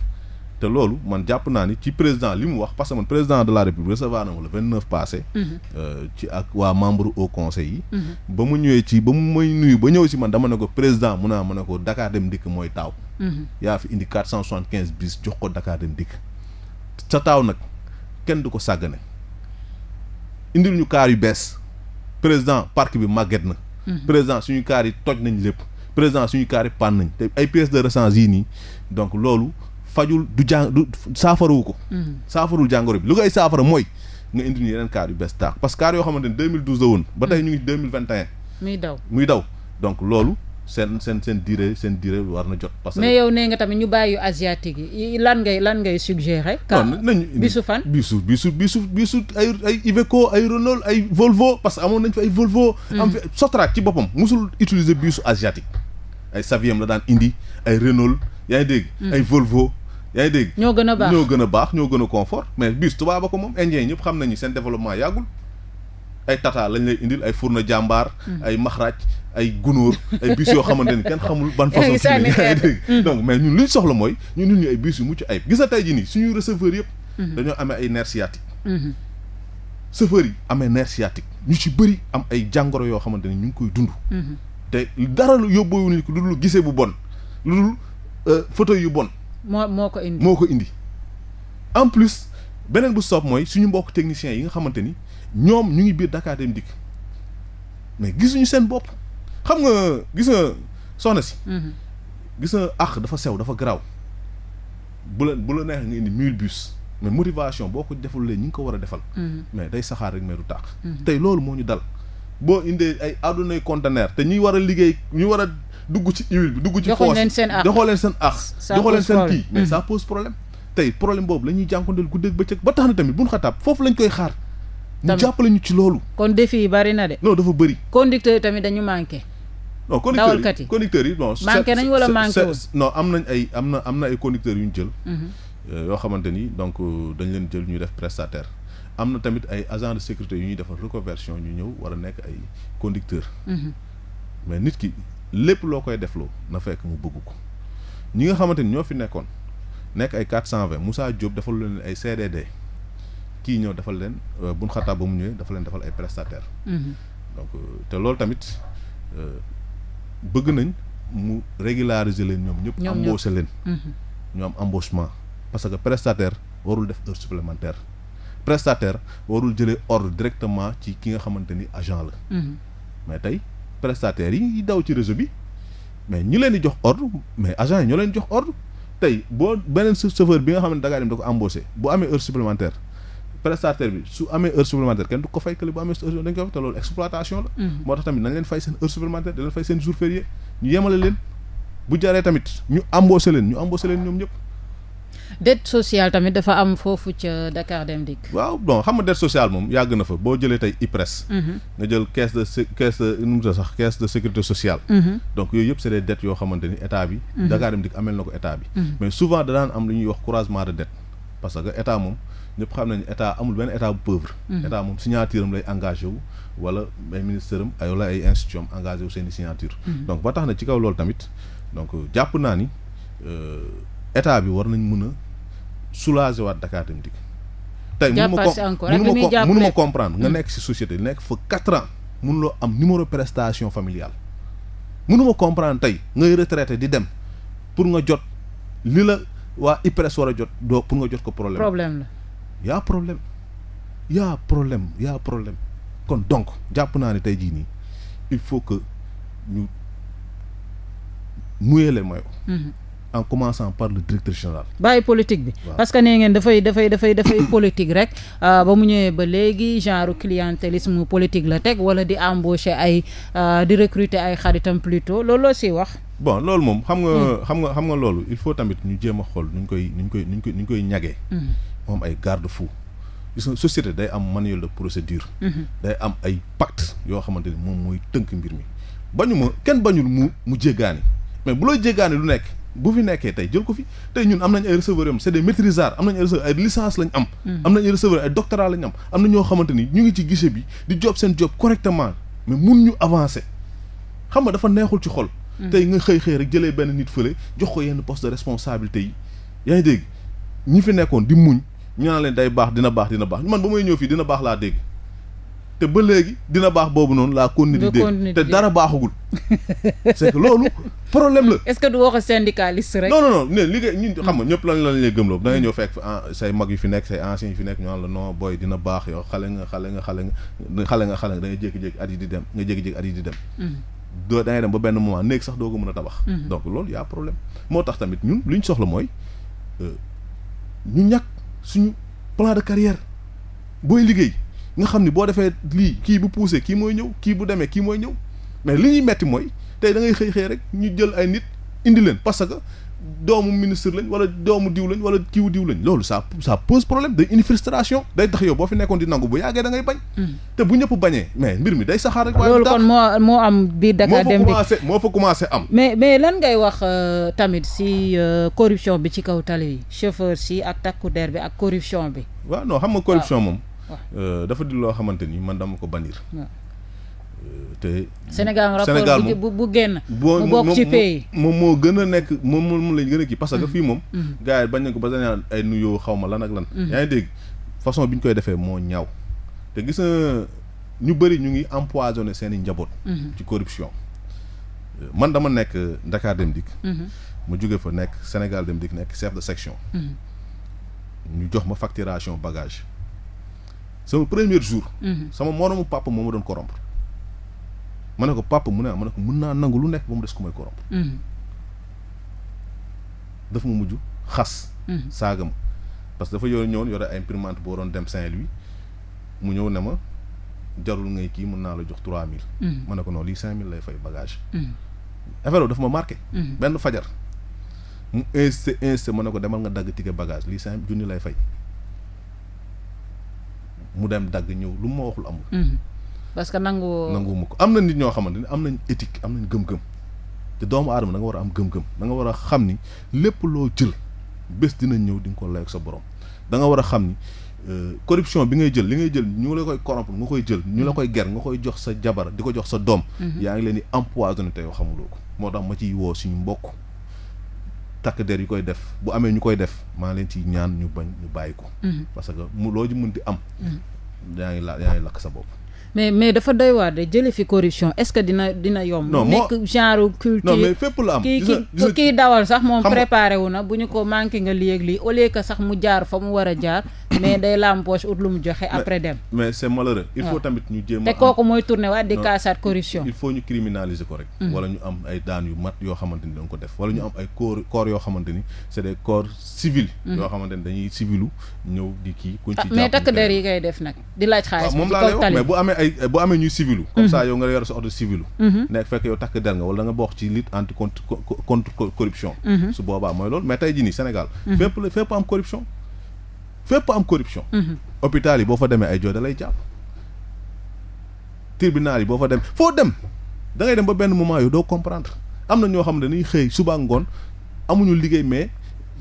te loolu man jàpp naa ni ci président li mu wax parce que man président de la république recevoir na ma le vingt neuf passé mhm. euh, ci ak waa membre au conseil yi mhm. ba mu ñëwee ci ba mu may nuyu ba ñëw si man dama ne ko président mun naa ma ne ko Dakar dem dikk mooy taaw mhm. yaa fi indi quatre cent soixante quinze bis jox ko Dakar dem dikk sa taaw nag kenn du ko sàggane indil ñu kaar yu bees président parc bi màgget na. Mhm. président suñu kaar yi toj nañ lépp. président suñu kaar yi paan nañ te ay pièces de rechange nii donc loolu fajul du jàng du saafarawu ko. Mhm. saafarul jàngoro bi lu koy saafara mooy nga indi yeneen kaar yu bees taax parce que kaar yoo xamante ne 2012 la woon. ba tey ñu ngi 2021. muy daw muy daw donc loolu. seen seen seen durée seen durée war na jot. parce que mais yow nee nga tamit ñu bàyyi asiatique yi lan ngay lan ngay suggéré. non nañu fan. bisu bisu bisu bisu ay ay Iveco ay Renault ay Volvo parce que amoon nañ fi ay Volvo. Hmm. am fi Sotrac ci boppam musul utiliser bisu asiatique ay Saviem la daan indi ay Renault yaa ngi dégg. Hmm. ay Volvo. yaa dégg ñoo gën a baax ñoo gën a baax ñoo gën a confort mais bis tubaab ko moom indien ñëpp xam nañu seen développement yàggul ay tata lañ lay indil ay Fourna Jàmbaar hmm. ay ay gunóor ay bus yoo xamante ni kenn xamul ban façon ci dégg mm. donc mais ñun li ñu soxla mooy ñu nit ñu ay bus yu mucc ay gis na tey jii nii suñuy receveur yëpp mm-hmm. dañoo amee ay nerf sciatique mm-hmm. yi amee nerf ñu ci bëri am ay jàngoro yoo xamante ni ñu ngi koy dund mm-hmm. te dara lu yóbboowuñu ni ko lu dul gisee bu bon lu dul fauteuil yu bon moo ko indi moo ko indi en plus beneen bu soob mooy suñu mbokk techniciens yi nga xamante ni ñoom ñu ngi biir Dakar Dikk mais gisuñu seen bopp xam nga gis nga soxna si. Mm-hmm. gis nga àq dafa sew dafa garaaw bu la bu la neex nga indi mille bus mais motivation boo ko deful leen ñi ngi ko war a defal. Mm-hmm. mais day saxaar rek mais du mm-hmm. tey loolu moo ñu dal boo indee ay àddunay conteneur te ñi war a liggéey ñi war a dugg ci huile bi dugg ci. joxoo leen seen àq joxoo seen àq. joxoo leen seen kii mais ça pose problème. tey problème boobu la ñuy jànkoonteel guddeeg bëccëg ba tax na tamit bu ñu xataab foofu lañ koy xaar. ñu jàppale ñu ci loolu. kon défi yi bari na de. non dafa bëri. conducteur yi tamit dañu manqué. non conducteurs yi conducteurs yi bon manqué nañ wala manqué am nañ ay am na am na ay conducteurs yu ñu jël mhm. euh, yoo xamante ni donc euh, dañ leen jël ñu def prestateur am na tamit ay agents de sécurité yu ñuy defal reconversion ñu ñëw war nekk ay conducteurs mhm. mais nit ki lépp loo koy defloo na fekk mu bëgg ko ñi nga xamante ni ñoo fi nekkoon nekk ay quatre cent vingt Moussa Diop defal leen ay CDD kii ñëw defal leen euh, bun xataa ba mu ñëwee dafa leen defal ay prestataire mhm. donc te loolu tamit bëgg nañ mu régulariser leen ñoom ñëpp. embaucher leen. Mhm. ñu am embauchement parce que prestataire warul def heure supplémentaire prestateur warul jëlee ordre directement ci ki nga xamante ni agent la. Mhm. mais tey prestataire yi daw ci réseau bi mais ñu leen di jox ordre mais agent yi ñoo leen jox ordre tey boo beneen chauffeur bi nga xam ne Dakar dem da ko embauché boo amee heure supplémentaire. prestataire bi su amee heure supplémentaire kenn du ko fay kële bu amee heure dañ ko fay te loolu exploitation la mm-hmm. moo tax tamit nañ leen fay seen heure supplémentaire da leen fay seen jour férié ñu yemale leen bu jaree tamit ñu embauché leen ñu embauché leen ñoom ñëpp dette sociale tamit dafa am foofu ca Dakar Dem Dikk waaw bon xam nga dette sociale moom yàgg na fa boo jëlee tey IPRES mm-hmm. nga jël caisse de caisse de nu mu tudd sax caisse de sécurité sociale mm-hmm. donc yooyu yëpp c'est des dettes yoo xamante ni état bi Dakar Dem Dikk amel na ko état bi mais souvent da daan am lu ñuy wax croisement de dette parce que état moom ñëpp xam nañu état amul benn état bu pauvre. Mm-hmm. état moom signature am lay engagé wu. wala ay ministère am ay wala ay institution am engagé wu seen i signature. Mm-hmm. donc ba tax na ci kaw loolu tamit donc jàpp naa ni euh, état bi war nañ mën a soulager waat Dakar Dem Dikk. tey mënu ma comprendre nga mm-hmm. nekk si société nekk fa quatre ans loo am numéro prestation familiale mënu ma comprendre tey ngay retraité di dem pour nga jot li la waa IPRES war a jot doo pour nga jot ko problème problème y' problème y' a problème y' problème kon donc jàpp naa ne tey jii nii il faut que ñu mouiller les maillots. Mhm. en commençant par le directeur général. bàyyi politique bi voilà. parce que nee ngeen dafay dafay dafay dafay politique rek euh, ba mu ñëwee ba léegi genre clientélisme politique la teg wala di embaucher ay euh, di recruter ay xaritam plutôt loolu la si wax. bon loolu moom xam nga hmm. xam nga xam nga loolu il faut tamit ñu jéem a xool nu ñu koy nu ñu koy nu ñu koy nu mu am ay garde-fou gis nga société day am manuel de procédure. Mhm. day am ay pacte yoo xamante ni moom mooy tënk mbir mi. bañu ma kenn bañul mu mu jéggaani mais bu looy jéggaani lu nekk bu fi nekkee tey jël ko fi tey ñun am nañ ay receveurs yoo xam c'est des maîtrisards am nañ ay receveurs ay licence lañ am. Mhm. am nañ ay receveurs ay doctorat lañ am am na ñoo ni ñu ngi ci guichet bi di job seen job correctement mais mun ñu avancer xam nga dafa neexul ci xol. Mhm. tey nga xëy xëy rek jëlee benn nit fële jox ko yenn poste de responsabilité yi yaa ngi ñi fi nekkoon di muñ. ñu naan leen day baax dina baax dina baax man ba may ñëw fii dina baax laa dégg te ba léegi dina baax boobu noonu laa continuer di dégg te dara baaxagul c'est que loolu problème la. est-ce que du waxu syndicaliste rek. non non non ne liggéey ñun xam nga ñëpp lan lañ lay gëm loolu da ngay ñëw fekk ah, say mag yu fi nekk say anciens yu fi nekk ñu naan la non booy dina baax yow xale nga xale nga xale nga xale nga xale nga da ngay jékki-jékki at yi di dem nga jékki-jékki at yi di dem. Mm-hmm. doo da dem ba benn moment néeg sax doo ko mën a tabax. Mm-hmm. donc loolu y a moo tax tamit ñun li ñu soxla mooy euh, ñu ñàkk suñu plan de carrière booy liggéey nga xam ni boo defee lii kii bu poussé kii mooy ñëw kii bu demee kii mooy ñëw mais li ñuy metti mooy tey da ngay xëy xëy rek ñu jël ay nit indi leen parce que doomu ministre lañ wala doomu diw lañ wala jiwu diw lañ loolu ça ça pose problème day une frustration day tax yow boo fi nekkoon di nangu bu yàggee da ngay bañ. Hmm. te bu ñëpp bañee mais mbir mi day saxaar rek. waaye loolu kon moo moo am biir Dakar dem moo fa commencé moo fa commencé am. mais mais lan ngay wax euh, tamit si euh, corruption bi ci kaw tali chefeur si ak takku der bi ak corruption bi. waaw noo xam ma corruption moom. Euh, dafa di loo xamante ni man dama ko bandir. te Sénégal rapport bu bu génn mu bokk ci pays moom moo gën a nekk moom moom lañ gën a kii parce que mm-hmm. fii moom mm-hmm. gars yi bañ nañ ko ba dañaan ay nuyoo xaw ma lan ak lan mm-hmm. yaa ngi dégg façon bi ñu koy defee moo ñaw te gis na ñu bëri ñu ngi empoisonné seen seeni njaboot ci corruption man dama nekk Dakar Dem Dikk ma jóge fa nekk Sénégal Dem Dikk nekk chef de section ñu jox ma facturation bagage sama premier jour sama moroomu papa moo ma doon corrompre ma ne ko papa mu ne ma ne ko mën naa nangu lu nekk ba mu des ku may corrompre. Mm-hmm. daf ma mujj xas. Mm-hmm. saaga ma parce que dafa yore ñëwoon yore ay boo doon dem Saint-Louis mu ñëw ne ma jarul ngay kii mën naa la jox trois mille. Mm-hmm. ma ko non lii cinq mille lay fay bagage. affaire dafa ma marqué. benn fajar mu insisté insisté ma ne ko demal nga dagg ticket bagage lii cinq junni lay fay mu dem dagg ñëw lu ma waxul amul. parce que nangu. nanguwuma ko am na nit ñoo xamante ne am nañ éthique am nañ gëm-gëm te doomu aadama da war a am gëm-gëm da nga war a xam ni lépp loo jël bés dina ñëw di ko lay sa borom da nga war a xam ni euh, corruption bi ngay jël li ngay jël ñu la koy corrompre nga koy jël ñu la mm-hmm. koy ger nga koy jox sa jabara di ko jox sa doom. Mm-hmm. yaa ngi leen di empoisonné te yoo xamuloo ko moo tax ma ciy woo suñu mbokk takk der yi koy def bu amee ñu koy def maa leen ciy ñaan ñu bañ bàyyi ko. Mm-hmm. parce que mu loo ji mën am. yaa ngi la yaa lakk sa bopp. mais mais dafa doy waar de jëlee fi corruption est-ce que dina dina yomb. non nekk genre culture. non mais fépp la am. kii kii kii dawal sax moom préparé wu na bu ñu ko manqué nga li ak lii au lieu que sax mu jaar fa mu war a jaar. mais day lampoche ut lu mu joxe après dem. mais c' malheureux. il faut ah. tamit ñu jéem a te kooku mooy tourné waat di kaasaat corruption. il faut ñu criminaliser ko rek. Mm-hmm. wala ñu am ay daan yu mat yoo xamante ni dañ ko def wala ñu am ay corps yoo xamante ni c' est des corps civils. Mm-hmm. yoo xamante ni dañuy civilu ñëw di kii. kuñ ci ah, jàpp der yi ngay def nag di laaj ah, xaalis. moom laa lay wax mais bu amee ay bu amee mm-hmm. takk der nga wala nga bokk ci lutte anti contre corruption. su boobaa mooy loolu mais tey jii nii Sénégal. fépp fépp am corruption. Mm-hmm. hôpital yi boo fa demee ay jooy da jàpp. tribunal yi boo fa dem foo dem da ngay dem ba benn moment yow doo comprendre am na ñoo xam ne ni xëy suba ngoon amuñu liggéey mais.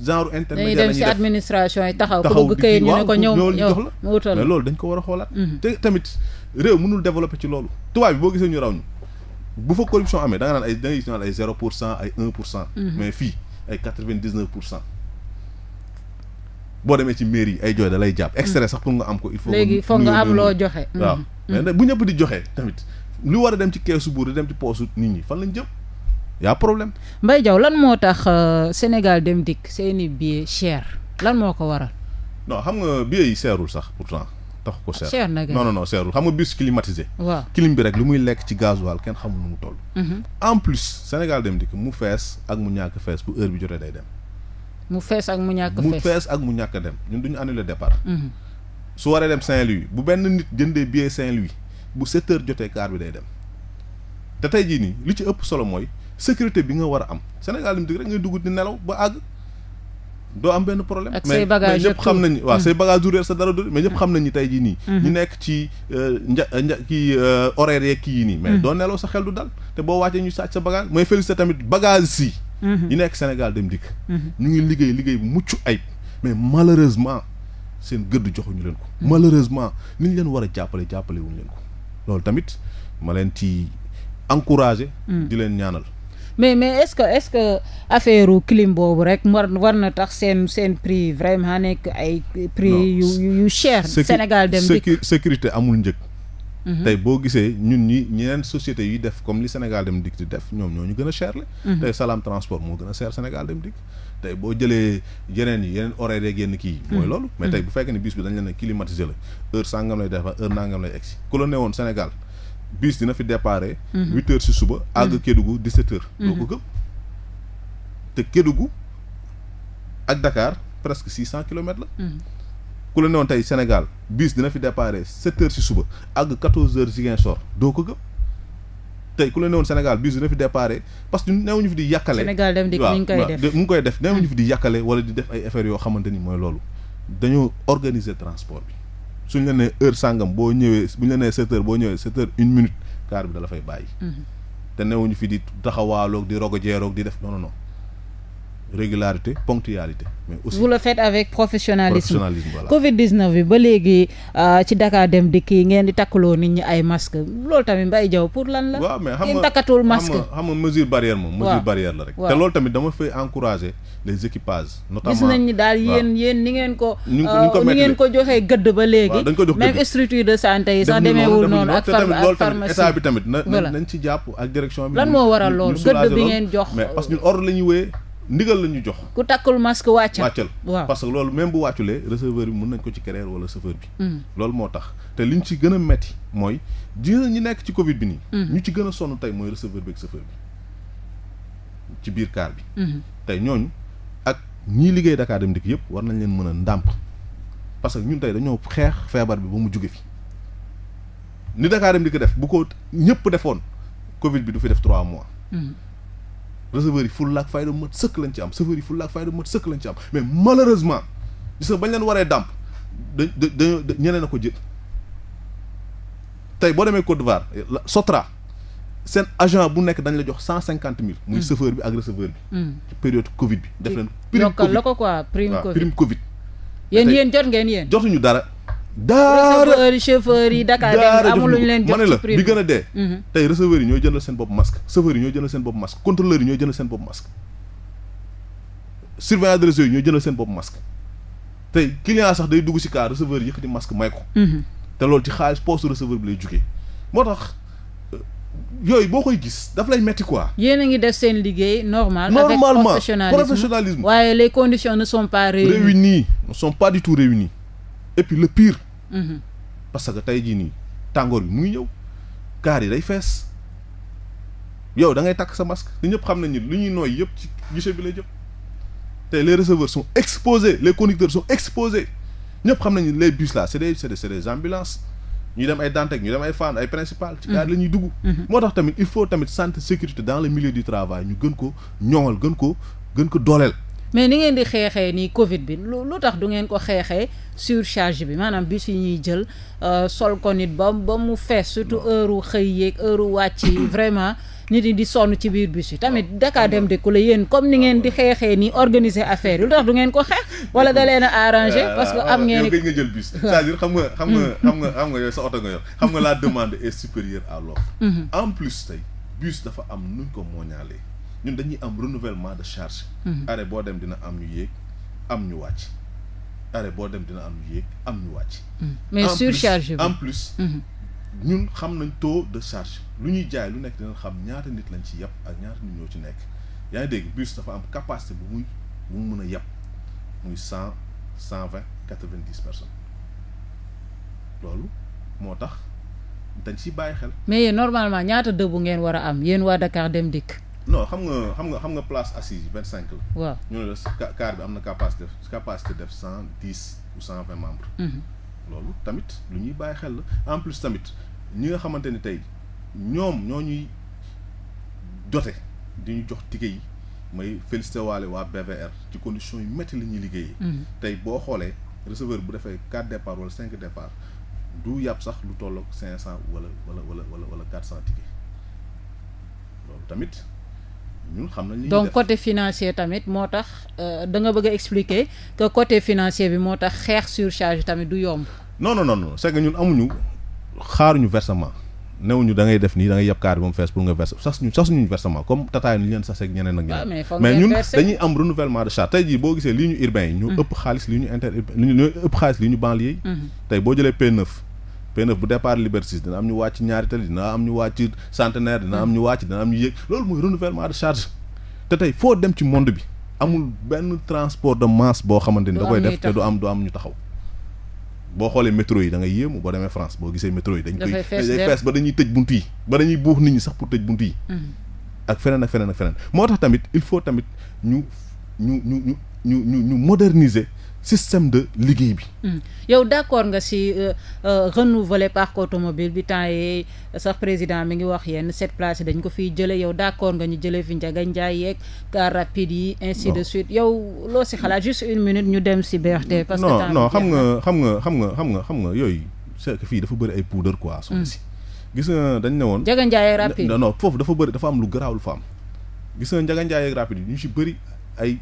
genre intermédiaire la ñuy def ci administration yi taxaw. taxaw kayit ñu ne ko ñëw ñëw mu wutal loolu dañ ko war a xoolaat. Mm-hmm. te tamit réew mënul développer ci loolu. tubaab bi boo gisee ñu raw ñu bu fa corruption amee da nga naan ay da ngay gis naan ay zéro pour cent boo demee ci mairie yi ay jooy da lay jàpp. Mm. extrait sax pour nga am ko il faut. léegi foog nga am loo joxe. Mm. Mm. waaw bu ñëpp di joxe tamit lu war a dem ci keesu buur di dem ci poosu nit ñi fan lañ jëm y'a problème. Mbaye Diaw lan moo tax euh, Sénégal dem dikk seeni billet cher lan moo ko waral. non xam nga billet yi seerul sax pourtant. tax ko seer cher na non non non seerul xam nga bis climatisé. waaw clim bi rek lu muy lekk ci gasoil kenn xamul nu mu toll. Mm-hmm. en plus Sénégal dem dikk mu fees ak mu ñàkk fees bu heure bi jotee day dem. mu fees ak mu ñàkk mu fees ak mu ñàkk dem ñun duñu ñu annuler départ. Mhm. su waree dem Saint-Louis bu benn nit jëndee billet Saint-Louis bu sept jotee kaar bi day dem te tey jii nii li ci ëpp solo mooy sécurité bi nga war a am Sénégal lim rek ngay dugg di nelaw ba àgg. doo am benn problème mais mais ñëpp xam nañu waaw mhm. say bagage du réer sa dara du mais ñëpp xam nañu tey jii nii. Mhm. ñu nekk ci euh, nja nja kii euh, horaire yeeg kii yi nii. mais doo nelaw sa xel du dal te boo wàccee ñu sàcc sa bagage mooy félicité tamit bagage si. Mm-hmm. yi nekk Sénégal dem dikk. Mm-hmm. ñu ngi liggéey liggéey bu mucc ay mais malheureusement seen gëdd joxuñu leen ko. Mm-hmm. malheureusement ni leen war a jàppale jàppale wuñu leen ko loolu tamit ma leen ci encouragé. Mm. di leen ñaanal. mais mais est-ce que est-ce que affaire clim boobu rek war na tax seen seen prix vraiment nekk ay. prix yu yu cher. Sénégal dem dikk sécurité amul njëg. Mm-hmm. tey boo gisee ñun ñi ñeneen société yi def comme li Sénégal dem dikk di def ñoom ñoo ñu gën a cher la mm-hmm. tey Salam Transport moo gën a cher Sénégal dem dikk tey boo jëlee yeneen yi yeneen horaire yeeg yenn kii mooy mm-hmm. loolu mais tey bu fekkee ne bus bi dañ leen a climatisé la heure sàngam lay defar heure nangam lay egsi ku la ne woon Sénégal bus dina fi déparé huit heures suba àgg Kédougou dix-sept heures ko gëm te Kédougou ak Dakar presque six cent la ku la newoon tey Sénégal bis dina fi déparé sept heures si suba àgg quatorze heures Ziguinchor doo ko gëm tey ku la newoon Sénégal bis dina fi déparé parce que newuñu fi di yàkkale Sénégal di koy def mu ngi koy def newuñu fi di yàkkale wala di def ay affaires yoo xamante mooy loolu dañoo organiser transport bi suñ la nee heure sàngam boo ñëwee buñ la nee sept heures boo ñëwee sept heures une minute car bi dala fay bàyyi mhm. te newuñu fi di taxawaaloog di rogo jeeroog di def non non régularité ponctualité. mais aussi vous le faites avec professionnalisme professionnalisme voilà. Covid 19 bi ba léegi euh, ci Dakar dem dikk yi ngeen di takkaloo nit ñi ay masque loolu tamit Mbaye Diaw pour lan la. waaw mais xam nga takkatul masque mesure barrière moom. mesure barrière la rek. te loolu tamit dama fay encourager les équipages. gis nañ ni daal yéen yéen ni ngeen ko. ni euh, ngeen ko joxee gëdd ba léegi. dañ ko jox même structure de santé yi sax demeewul noonu. ak pharmacie bi tamit na nañ ci jàpp ak direction bi. lan moo waral loolu ngeen jox la ñuy wéyee ndigal la ñu jox. ku takkul masque wàccal wàccal parce que loolu même bu wàcculee receveur bi mën nañ ko ci créer wala chauffeur bi. Mm. loolu moo tax te li liñ ci gën a metti mooy ji ñi nekk ci Covid bi nii. Mm. ñu ci gën a sonn tey mooy receveur bi ak chauffeur bi ci biir kaar bi. Mm-hmm. tey ñooñu ak ñii liggéey Dakar dem yëpp war nañ leen mën a ndàmp parce que ñun tey dañoo xeex feebar bi ba mu jóge fi ni Dakar dem def bu ko ñëpp defoon Covid bi du fi def trois mois. Mm-hmm. receveurs yi fulla ak fayda mat sëkk lañ ci am receveurs yi fulla ak fayda mat sëkk lañ ci am mais malheureusement gis nga bañ leen waree dàmp da da ñeneen a ko jël tey boo demee Côte d'Ivoire Sotra seen agent bu nekk dañ la jox cent cinquante mille. muy mm. chauffeur bi ak receveur bi. Mm. période Covid bi. def leen prime Covid donc la ko quoi prime Covid prime Covid. jot ngeen yéen. jotuñu dara. daara receveur yi chauffeur yi Dakar dem amul lu leen jox ci prix bi gën a dee. Mhm. tey receveur yi ñoo jëndal seen bopp masque chauffeur yi ñoo jëndal seen bopp masque contrôleur yi ñoo jëndal seen bopp masque. seen bopp masque tey client sax day dugg ci car receveur yi yëkkati masque may ko. Mhm. te loolu ci xaalis poste receveur bi lay jugee moo tax. Euh, yooyu boo koy gis daf lay metti quoi. yéen a ngi def seen liggéey normal. normalement avec professionnalisme waaye les conditions ne sont pas réunies. et puis le pire. Mm-hmm. parce que tey jii nii tàngoor bi mu ngi ñëw kaar yi day fees yow da ngay takk sa masque te ñëpp xam nañ ni lu ñuy nooy yëpp ci guichet bi la jëm te les receveurs sont exposés les conducteurs sont exposés ñëpp xam nañ ni les bus là c'est des c'est des c'est des ñu dem ay Dantec ñu dem ay Fann ay principal ci gaar la ñuy dugg mm-hmm. moo tax tamit il faut tamit santé sécurité dans le milieu du travail ñu gën ko ñoŋal gën ko gën ko dooleel mais ni ngeen di xeexee nii Covid bi lu lu tax du ngeen ko xeexee surcharge bi maanaam bus yi ñuy jël euh, sol ko nit ba ba mu fees surtout heure u xëy yeeg heure u wàcc yi vraiment nit ñi di sonn ci biir bus yi tamit Dakar dem ku la yéen comme ni ngeen di xeexee nii organiser affaire yi lu tax du ngeen ko xeex wala da leen a arrangé parce que am ngeen gëj nga jël bus xam nga xam nga mm. xam nga xam nga yow sa oto nga yor xam nga laa demande est supérieure à l'offre mm-hmm. en plus tey am nuñ ko ñun dañuy am renouvellement de charge. Mhm. arrêt boo dem dina am ñu yéeg am ñu wàcc. arrêt boo dem dina am ñu yéeg am ñu wàcc. Mhm. mais surcharge bi en plus mhm. ñun xam nañ taux de charge lu ñuy jaay lu nekk dina xam ñaata nit lañ ci yàpp ak ñaata nit ñoo ci nekk. yaa ngi dégg bus dafa am capacité bu muy bu mu mën a yàpp muy cent cent vingt quatre vingt loolu moo tax dañ ci bàyyi xel. mais normalement ñaata dëbbu ngeen war a am yéen waa Dakar dem dikk. non xam nga xam nga xam nga place assise vingt cinq la. waaw ñu ne la car bi am na capacité capacité def cent dix ou cent vingt membres. Mhm. loolu tamit lu ñuy bàyyi xel la en plus tamit ñi nga xamante ni tey ñoom ñoo ñuy jote di ñu jox ticket yi may félicité waa BVR ci condition yi métti li ñuy liggéeyee. Mhm. tey boo xoolee receveur bu defee quatre départ wala cinq départ du yàpp sax lu tolloog cinq cent wala wala wala wala quatre cent ticket loolu tamit. ñun xam nañ donc côté financier tamit moo tax euh, da nga bëgg a expliquer que côté financier bi moo tax xeex surcharge tamit du yomb. non non non non c'est que ñun amuñu xaaruñu versement newuñu da ngay def nii da ngay kaar ba mu fees pour nga verse sas ñu sas ñu versement comme tataay ñu leen sas ak ñeneen ak ñeneen mais ñun dañuy am renouvellement de charge tey jii boo gisee lii ñu urbain yi ñu mm. ëpp xaalis lii ñu inter ñoo ëpp ñu banlieue mm-hmm. tey boo jëlee P9 P9 bu départ Liberté 6 am ñu wàcc ñaari tali dina am ñu wàcc centenaire dina am ñu wàcc dina am ñu yéeg loolu mooy renouvellement de te tey foo dem ci monde bi amul benn transport de masse boo xamante ni da koy def te du am du am ñu taxaw boo xoolee métro yi da ngay yéemu boo demee France boo gisee métro yi dañ koy day fees ba dañuy tëj bunt yi ba dañuy buux nit ñi sax pour tëj bunt yi mm-hmm. ak feneen ak feneen ak feneen moo tax tamit il faut tamit ñu ñu ñu ñu ñu ñu ñu moderniser système de liggéey bi. Hmm. yow d'accord nga si euh, euh, renouveler parc automobile bi temps yi sax président mi ngi wax yenn cette place dañ ko fiy jëlee yow d'accord nga ñu jëlee fi Ndiaga Ndiaye yeeg car rapide yi. ainsi de suite yow loo si xalaat juste une minute ñu dem si BRT. parce que temps xam nga xam nga xam nga xam nga xam nga yooyu c'est que fii dafa bëri ay poudre quoi. Hmm. soxna si gis nga dañ ne woon. Ndiaga Ndiaye rapide non non foofu dafa bëri dafa am lu garaaw lu fa am gis nga Ndiaga Ndiaye yeeg rapide bëri ay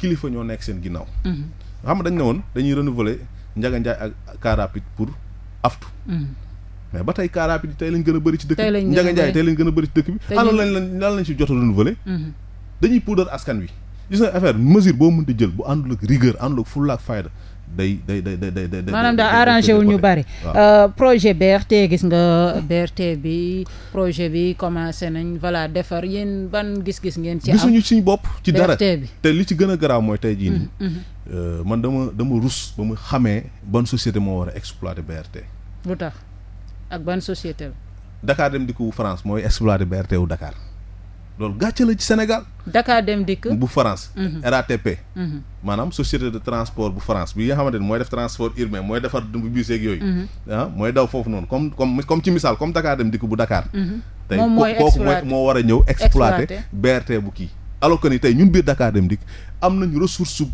kilifa ñoo nekk seen ginnaaw. Hmm. xam nga dañ ne woon dañuy renouveler Ndiaga Ndiaye ak car pour aftu hmm. mais ba tey car rapide yi tey lañ gën a bëri ci dëkk bi Ndiaga Ndiaye tey lañ gën a bëri ci dëkk bi alors lañ lañ lan lañ si jot a renouveler hmm. dañuy puudar askan wi gis nga affaire mesure boo mën di jël bu àndul ak rigueur àndul ak fulla ak day day day day day. maanaam daal arrangé wu ñu bari. Euh, projet te gis nga BRT bi projet bi commencé nañ voilà defar yéen ban gis-gis ngeen. ci am gisuñu suñu bopp ci dara bi. te li ci gën a garaaw mooy tey jii nii. Mm-hmm, mm-hmm. Euh, man dama dama rus ba mu xamee ban société moo war a exploite BRT. lu tax ak ban société la. Dakar dem di ko France mooy exploiter BRT wu dakaar loolu gàcce la ci Sénégal. Dakar Dem Dikk. bu France. Mhm. RATP. Mhm. maanaam société de transport bu France bi nga xamante ni mooy def transport urbain mooy defar bu bus yooyu. Mhm. Ah mooy daw foofu noonu comme comme comme ci misaal comme Dakar Dem Dikk bu Dakar. tey kooku mooy moo a ñëw exploité BRT bu kii. alors que ni tey ñun biir Dakar Dem Dikk am nañu ressource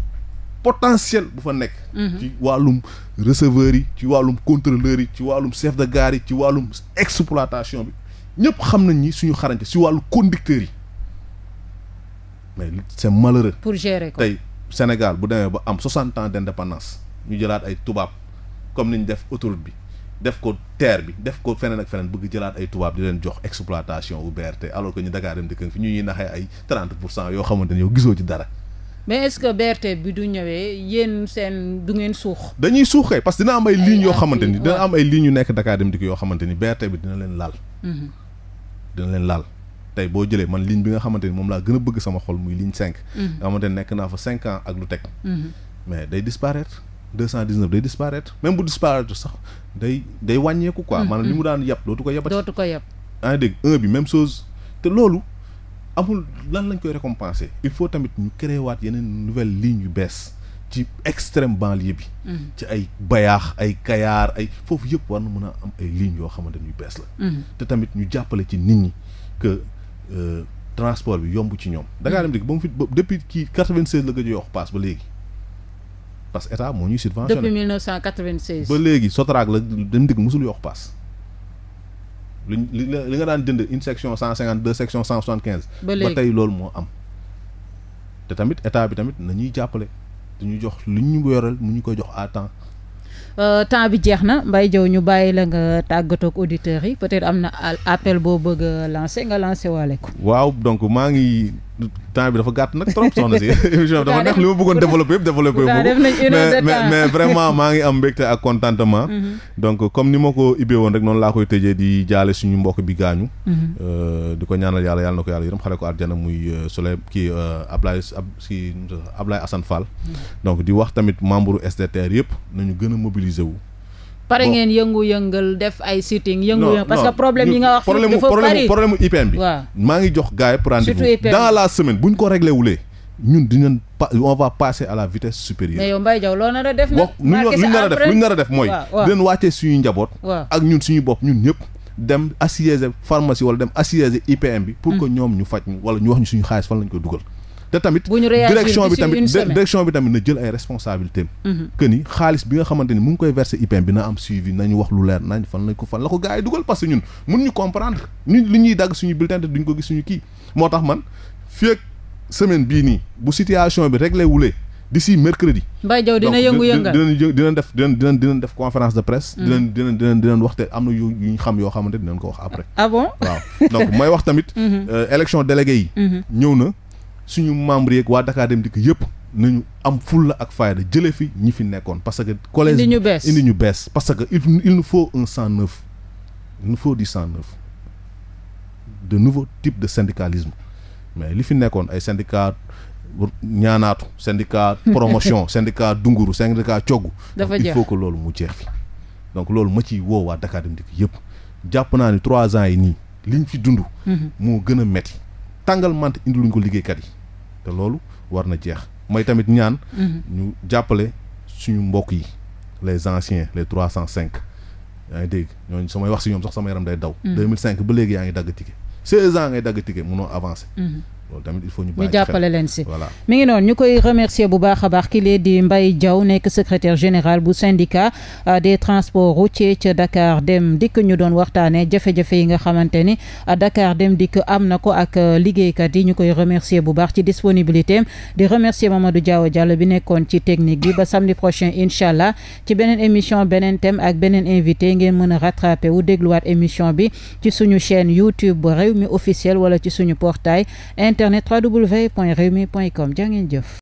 potentiel bu fa nekk. ci wàllum receveurs yi ci wàllum contrôleurs yi ci wàllum chef de gare yi ci wàllum exploitation bi ñëpp xam nañ ni suñu si wàllu conducteurs yi. mais c'est malheureux. pour gérer tey Sénégal bu demee ba am 60 ans d'indépendance ñu jëlaat ay tubaab comme ni ñu def autoroute bi def ko teer bi def ko feneen ak feneen bëgg jëlaat ay tubaab di leen jox exploitation ou BRT alors que ñu Dakar dem dëkk fi ñu ñuy naxee ay 30 pour cent yoo xamante ne yow gisoo ci dara. mais est-ce que BRT bi du ñëwee yéen seen du ngeen suux. dañuy suuxee parce que dina am ay lignes yoo xamante ni dina am ay lignes yu nekk Dakar dem dikk yoo ni BRT dina leen laal. Mhm. dina laal. tey boo jëlee man ligne bi nga xamante ni moom laa gën a bëgg sama xol muy ligne cinq mhm. nga xamante nekk naa fa cinq ans ak lu teg mhm. mais day disparaître deux cent dix neuf day disparaître même bu disparaître sax day day wàññeeku quoi mhm. maanaam li mu daan yàpp dootu ko yàppati dootu ko yàpp bi même chose te loolu amul lan lañ koy récompenser il faut tamit ñu créer waat yeneen nouvelle ligne yu bees ci extrême banlieue bi ci ay bayaax ay kayaar ay foofu yëpp war na mën a am ay lignes yoo xamante ni yu bees la ñu jàppale ci nit ñi Euh, transport bi yomb ci ñoom. Dakar Dem Dikk ba mu fi depuis kii 96 la gëj a yokk paas ba léegi parce que état moo ñuy subventionné. depuis 1996. ba léegi Sotrac la Dem Dikk mosul yokk paas. li li nga daan jënd une section cent cinquante deux section cent soixante quinze. ba léegi ba tey loolu moo am. te tamit état bi tamit na ñuy jàppale. du ñu jox li ñu yoreel mu ñu ko jox à temps. Euh, temps bi jeex na Mbaye jaw ñu bàyyi la nga tàggatoo ak auditeurs yi peut-être am na appel boo bëgg a nga lancer waale ko. waaw donc maa ngi temps bi dafa gàtt nag trop soxna si émission bi dafa neex li ma bëggoon développé yëpp développé wu mais mais vraiment maa ngi am mbégte ak contentement mhm. donc comme ni ma ko ibbee woon rek noonu laa koy tëjee di jaale suñu mbokk bi gaañu mhm. euh, di ko ñaanal yàlla yàlla na ko yàlla yërëm xare ko àjjana muy euh, Souley kii euh, Ablaye ab si Ablaye Assane Fall mhm. donc di wax tamit membre SDTR yëpp nañu gën a mobiliser wu pare ngeen yëngu-yëngal def ay sitting yëngu parce que problème yi nga wax dafa bari problème bi waaw maa ngi jox gars yi pour rendez la semaine bu ñu ko réglé wulee ñun dinañ pa on va passer à la vitesse supérieure. mais yow loo nar def. nag marqué lu ñu nar a def lu ñu nar a def mooy. dinañ wàccee suñuy njaboot. ak ñun suñu bopp ñun ñëpp. dem assiéger pharmacie wala dem assiéger IPM bi. pour que mm. ñoom ñu faj ñu wala ñu wax ñu suñu xaalis fan lañ ko dugal. te tamit direction bi tamit direction bi tamit na jël ay responsabilités mhm. que ni xaalis bi nga xamante ni mu ngi koy verser IPM bi na am suivi nañu wax lu leer nañ fan lañ ko fan la ko gars yi dugal parce que ñun mun ñu comprendre ñun li ñuy dagg suñu bulletin te duñ ko gis suñu kii moo tax man fii semaine bii nii bu situation bi réglé wulee d'ici mercredi. Mbaye Diaw dina yëngu yëngal dinañ dinañ def dinañ dinañ def conférence de presse. Mhm. dinañ dinañ dinañ dinañ wax te am na yu ñu xam yoo xamante dinañ ko wax après. ah bon waaw donc wax tamit. Mhm. Euh, élection délégué yi. ñëw na. suñu membres yeeg waa Dakar Dem Dikk yëpp nañu am fulla ak fayda jëlee fi ñi fi nekkoon parce que. collège indi ñu bees indi ñu bees parce que il il nous faut un sang neuf il nous faut du sang neuf de nouveau type de syndicalisme mais li fi nekkoon ay syndicat ñaanaatu syndicat promotion syndicat dunguru syndicat coggu dafa jeex il faut que loolu mu jeex fi donc loolu ma ciy woo waa Dakar Dem Dikk yëpp jàpp naa ni trois ans yi nii liñ fi dund mhm. moo gën a metti tàngal mant indiluñ ko liggéeykat yi te loolu war na jeex mooy tamit ñaan. Mhm. ñu jàppale suñu mbokk yi les anciens les trois cent cinq. yaa ngi dégg ñooñu samay wax si ñoom sax sama yaram day daw. 2005 mhm. ba léegi yaa ngi dagg ticket 16 a ngay dagg ticket munoo avancer. Mhm. loolu tamit jàppale leen si mi ngi noonu ñu koy remercier bu baax a baax ki lee di Mbaye Diaw nekk secretaire général bu syndicat euh, des transports routiers ca Dakar Dem Dikk ñu doon waxtaanee jafe-jafe yi nga xamante ni euh, Dakar Dem Dikk am na ko ak euh, liggéeykat yi ñu koy remercier bu baax ci disponibilité am di remercier du Diaw Diallo bi nekkoon ci technique bi ba samedi prochain incha allah ci beneen émission beneen thème ak beneen invité ngeen mën a rattrapé wu dégluwaat émission bi ci suñu chaîne YouTube Rewmi officiel wala ci suñu portail internet www.rewmi.com jaa ngeen jëf.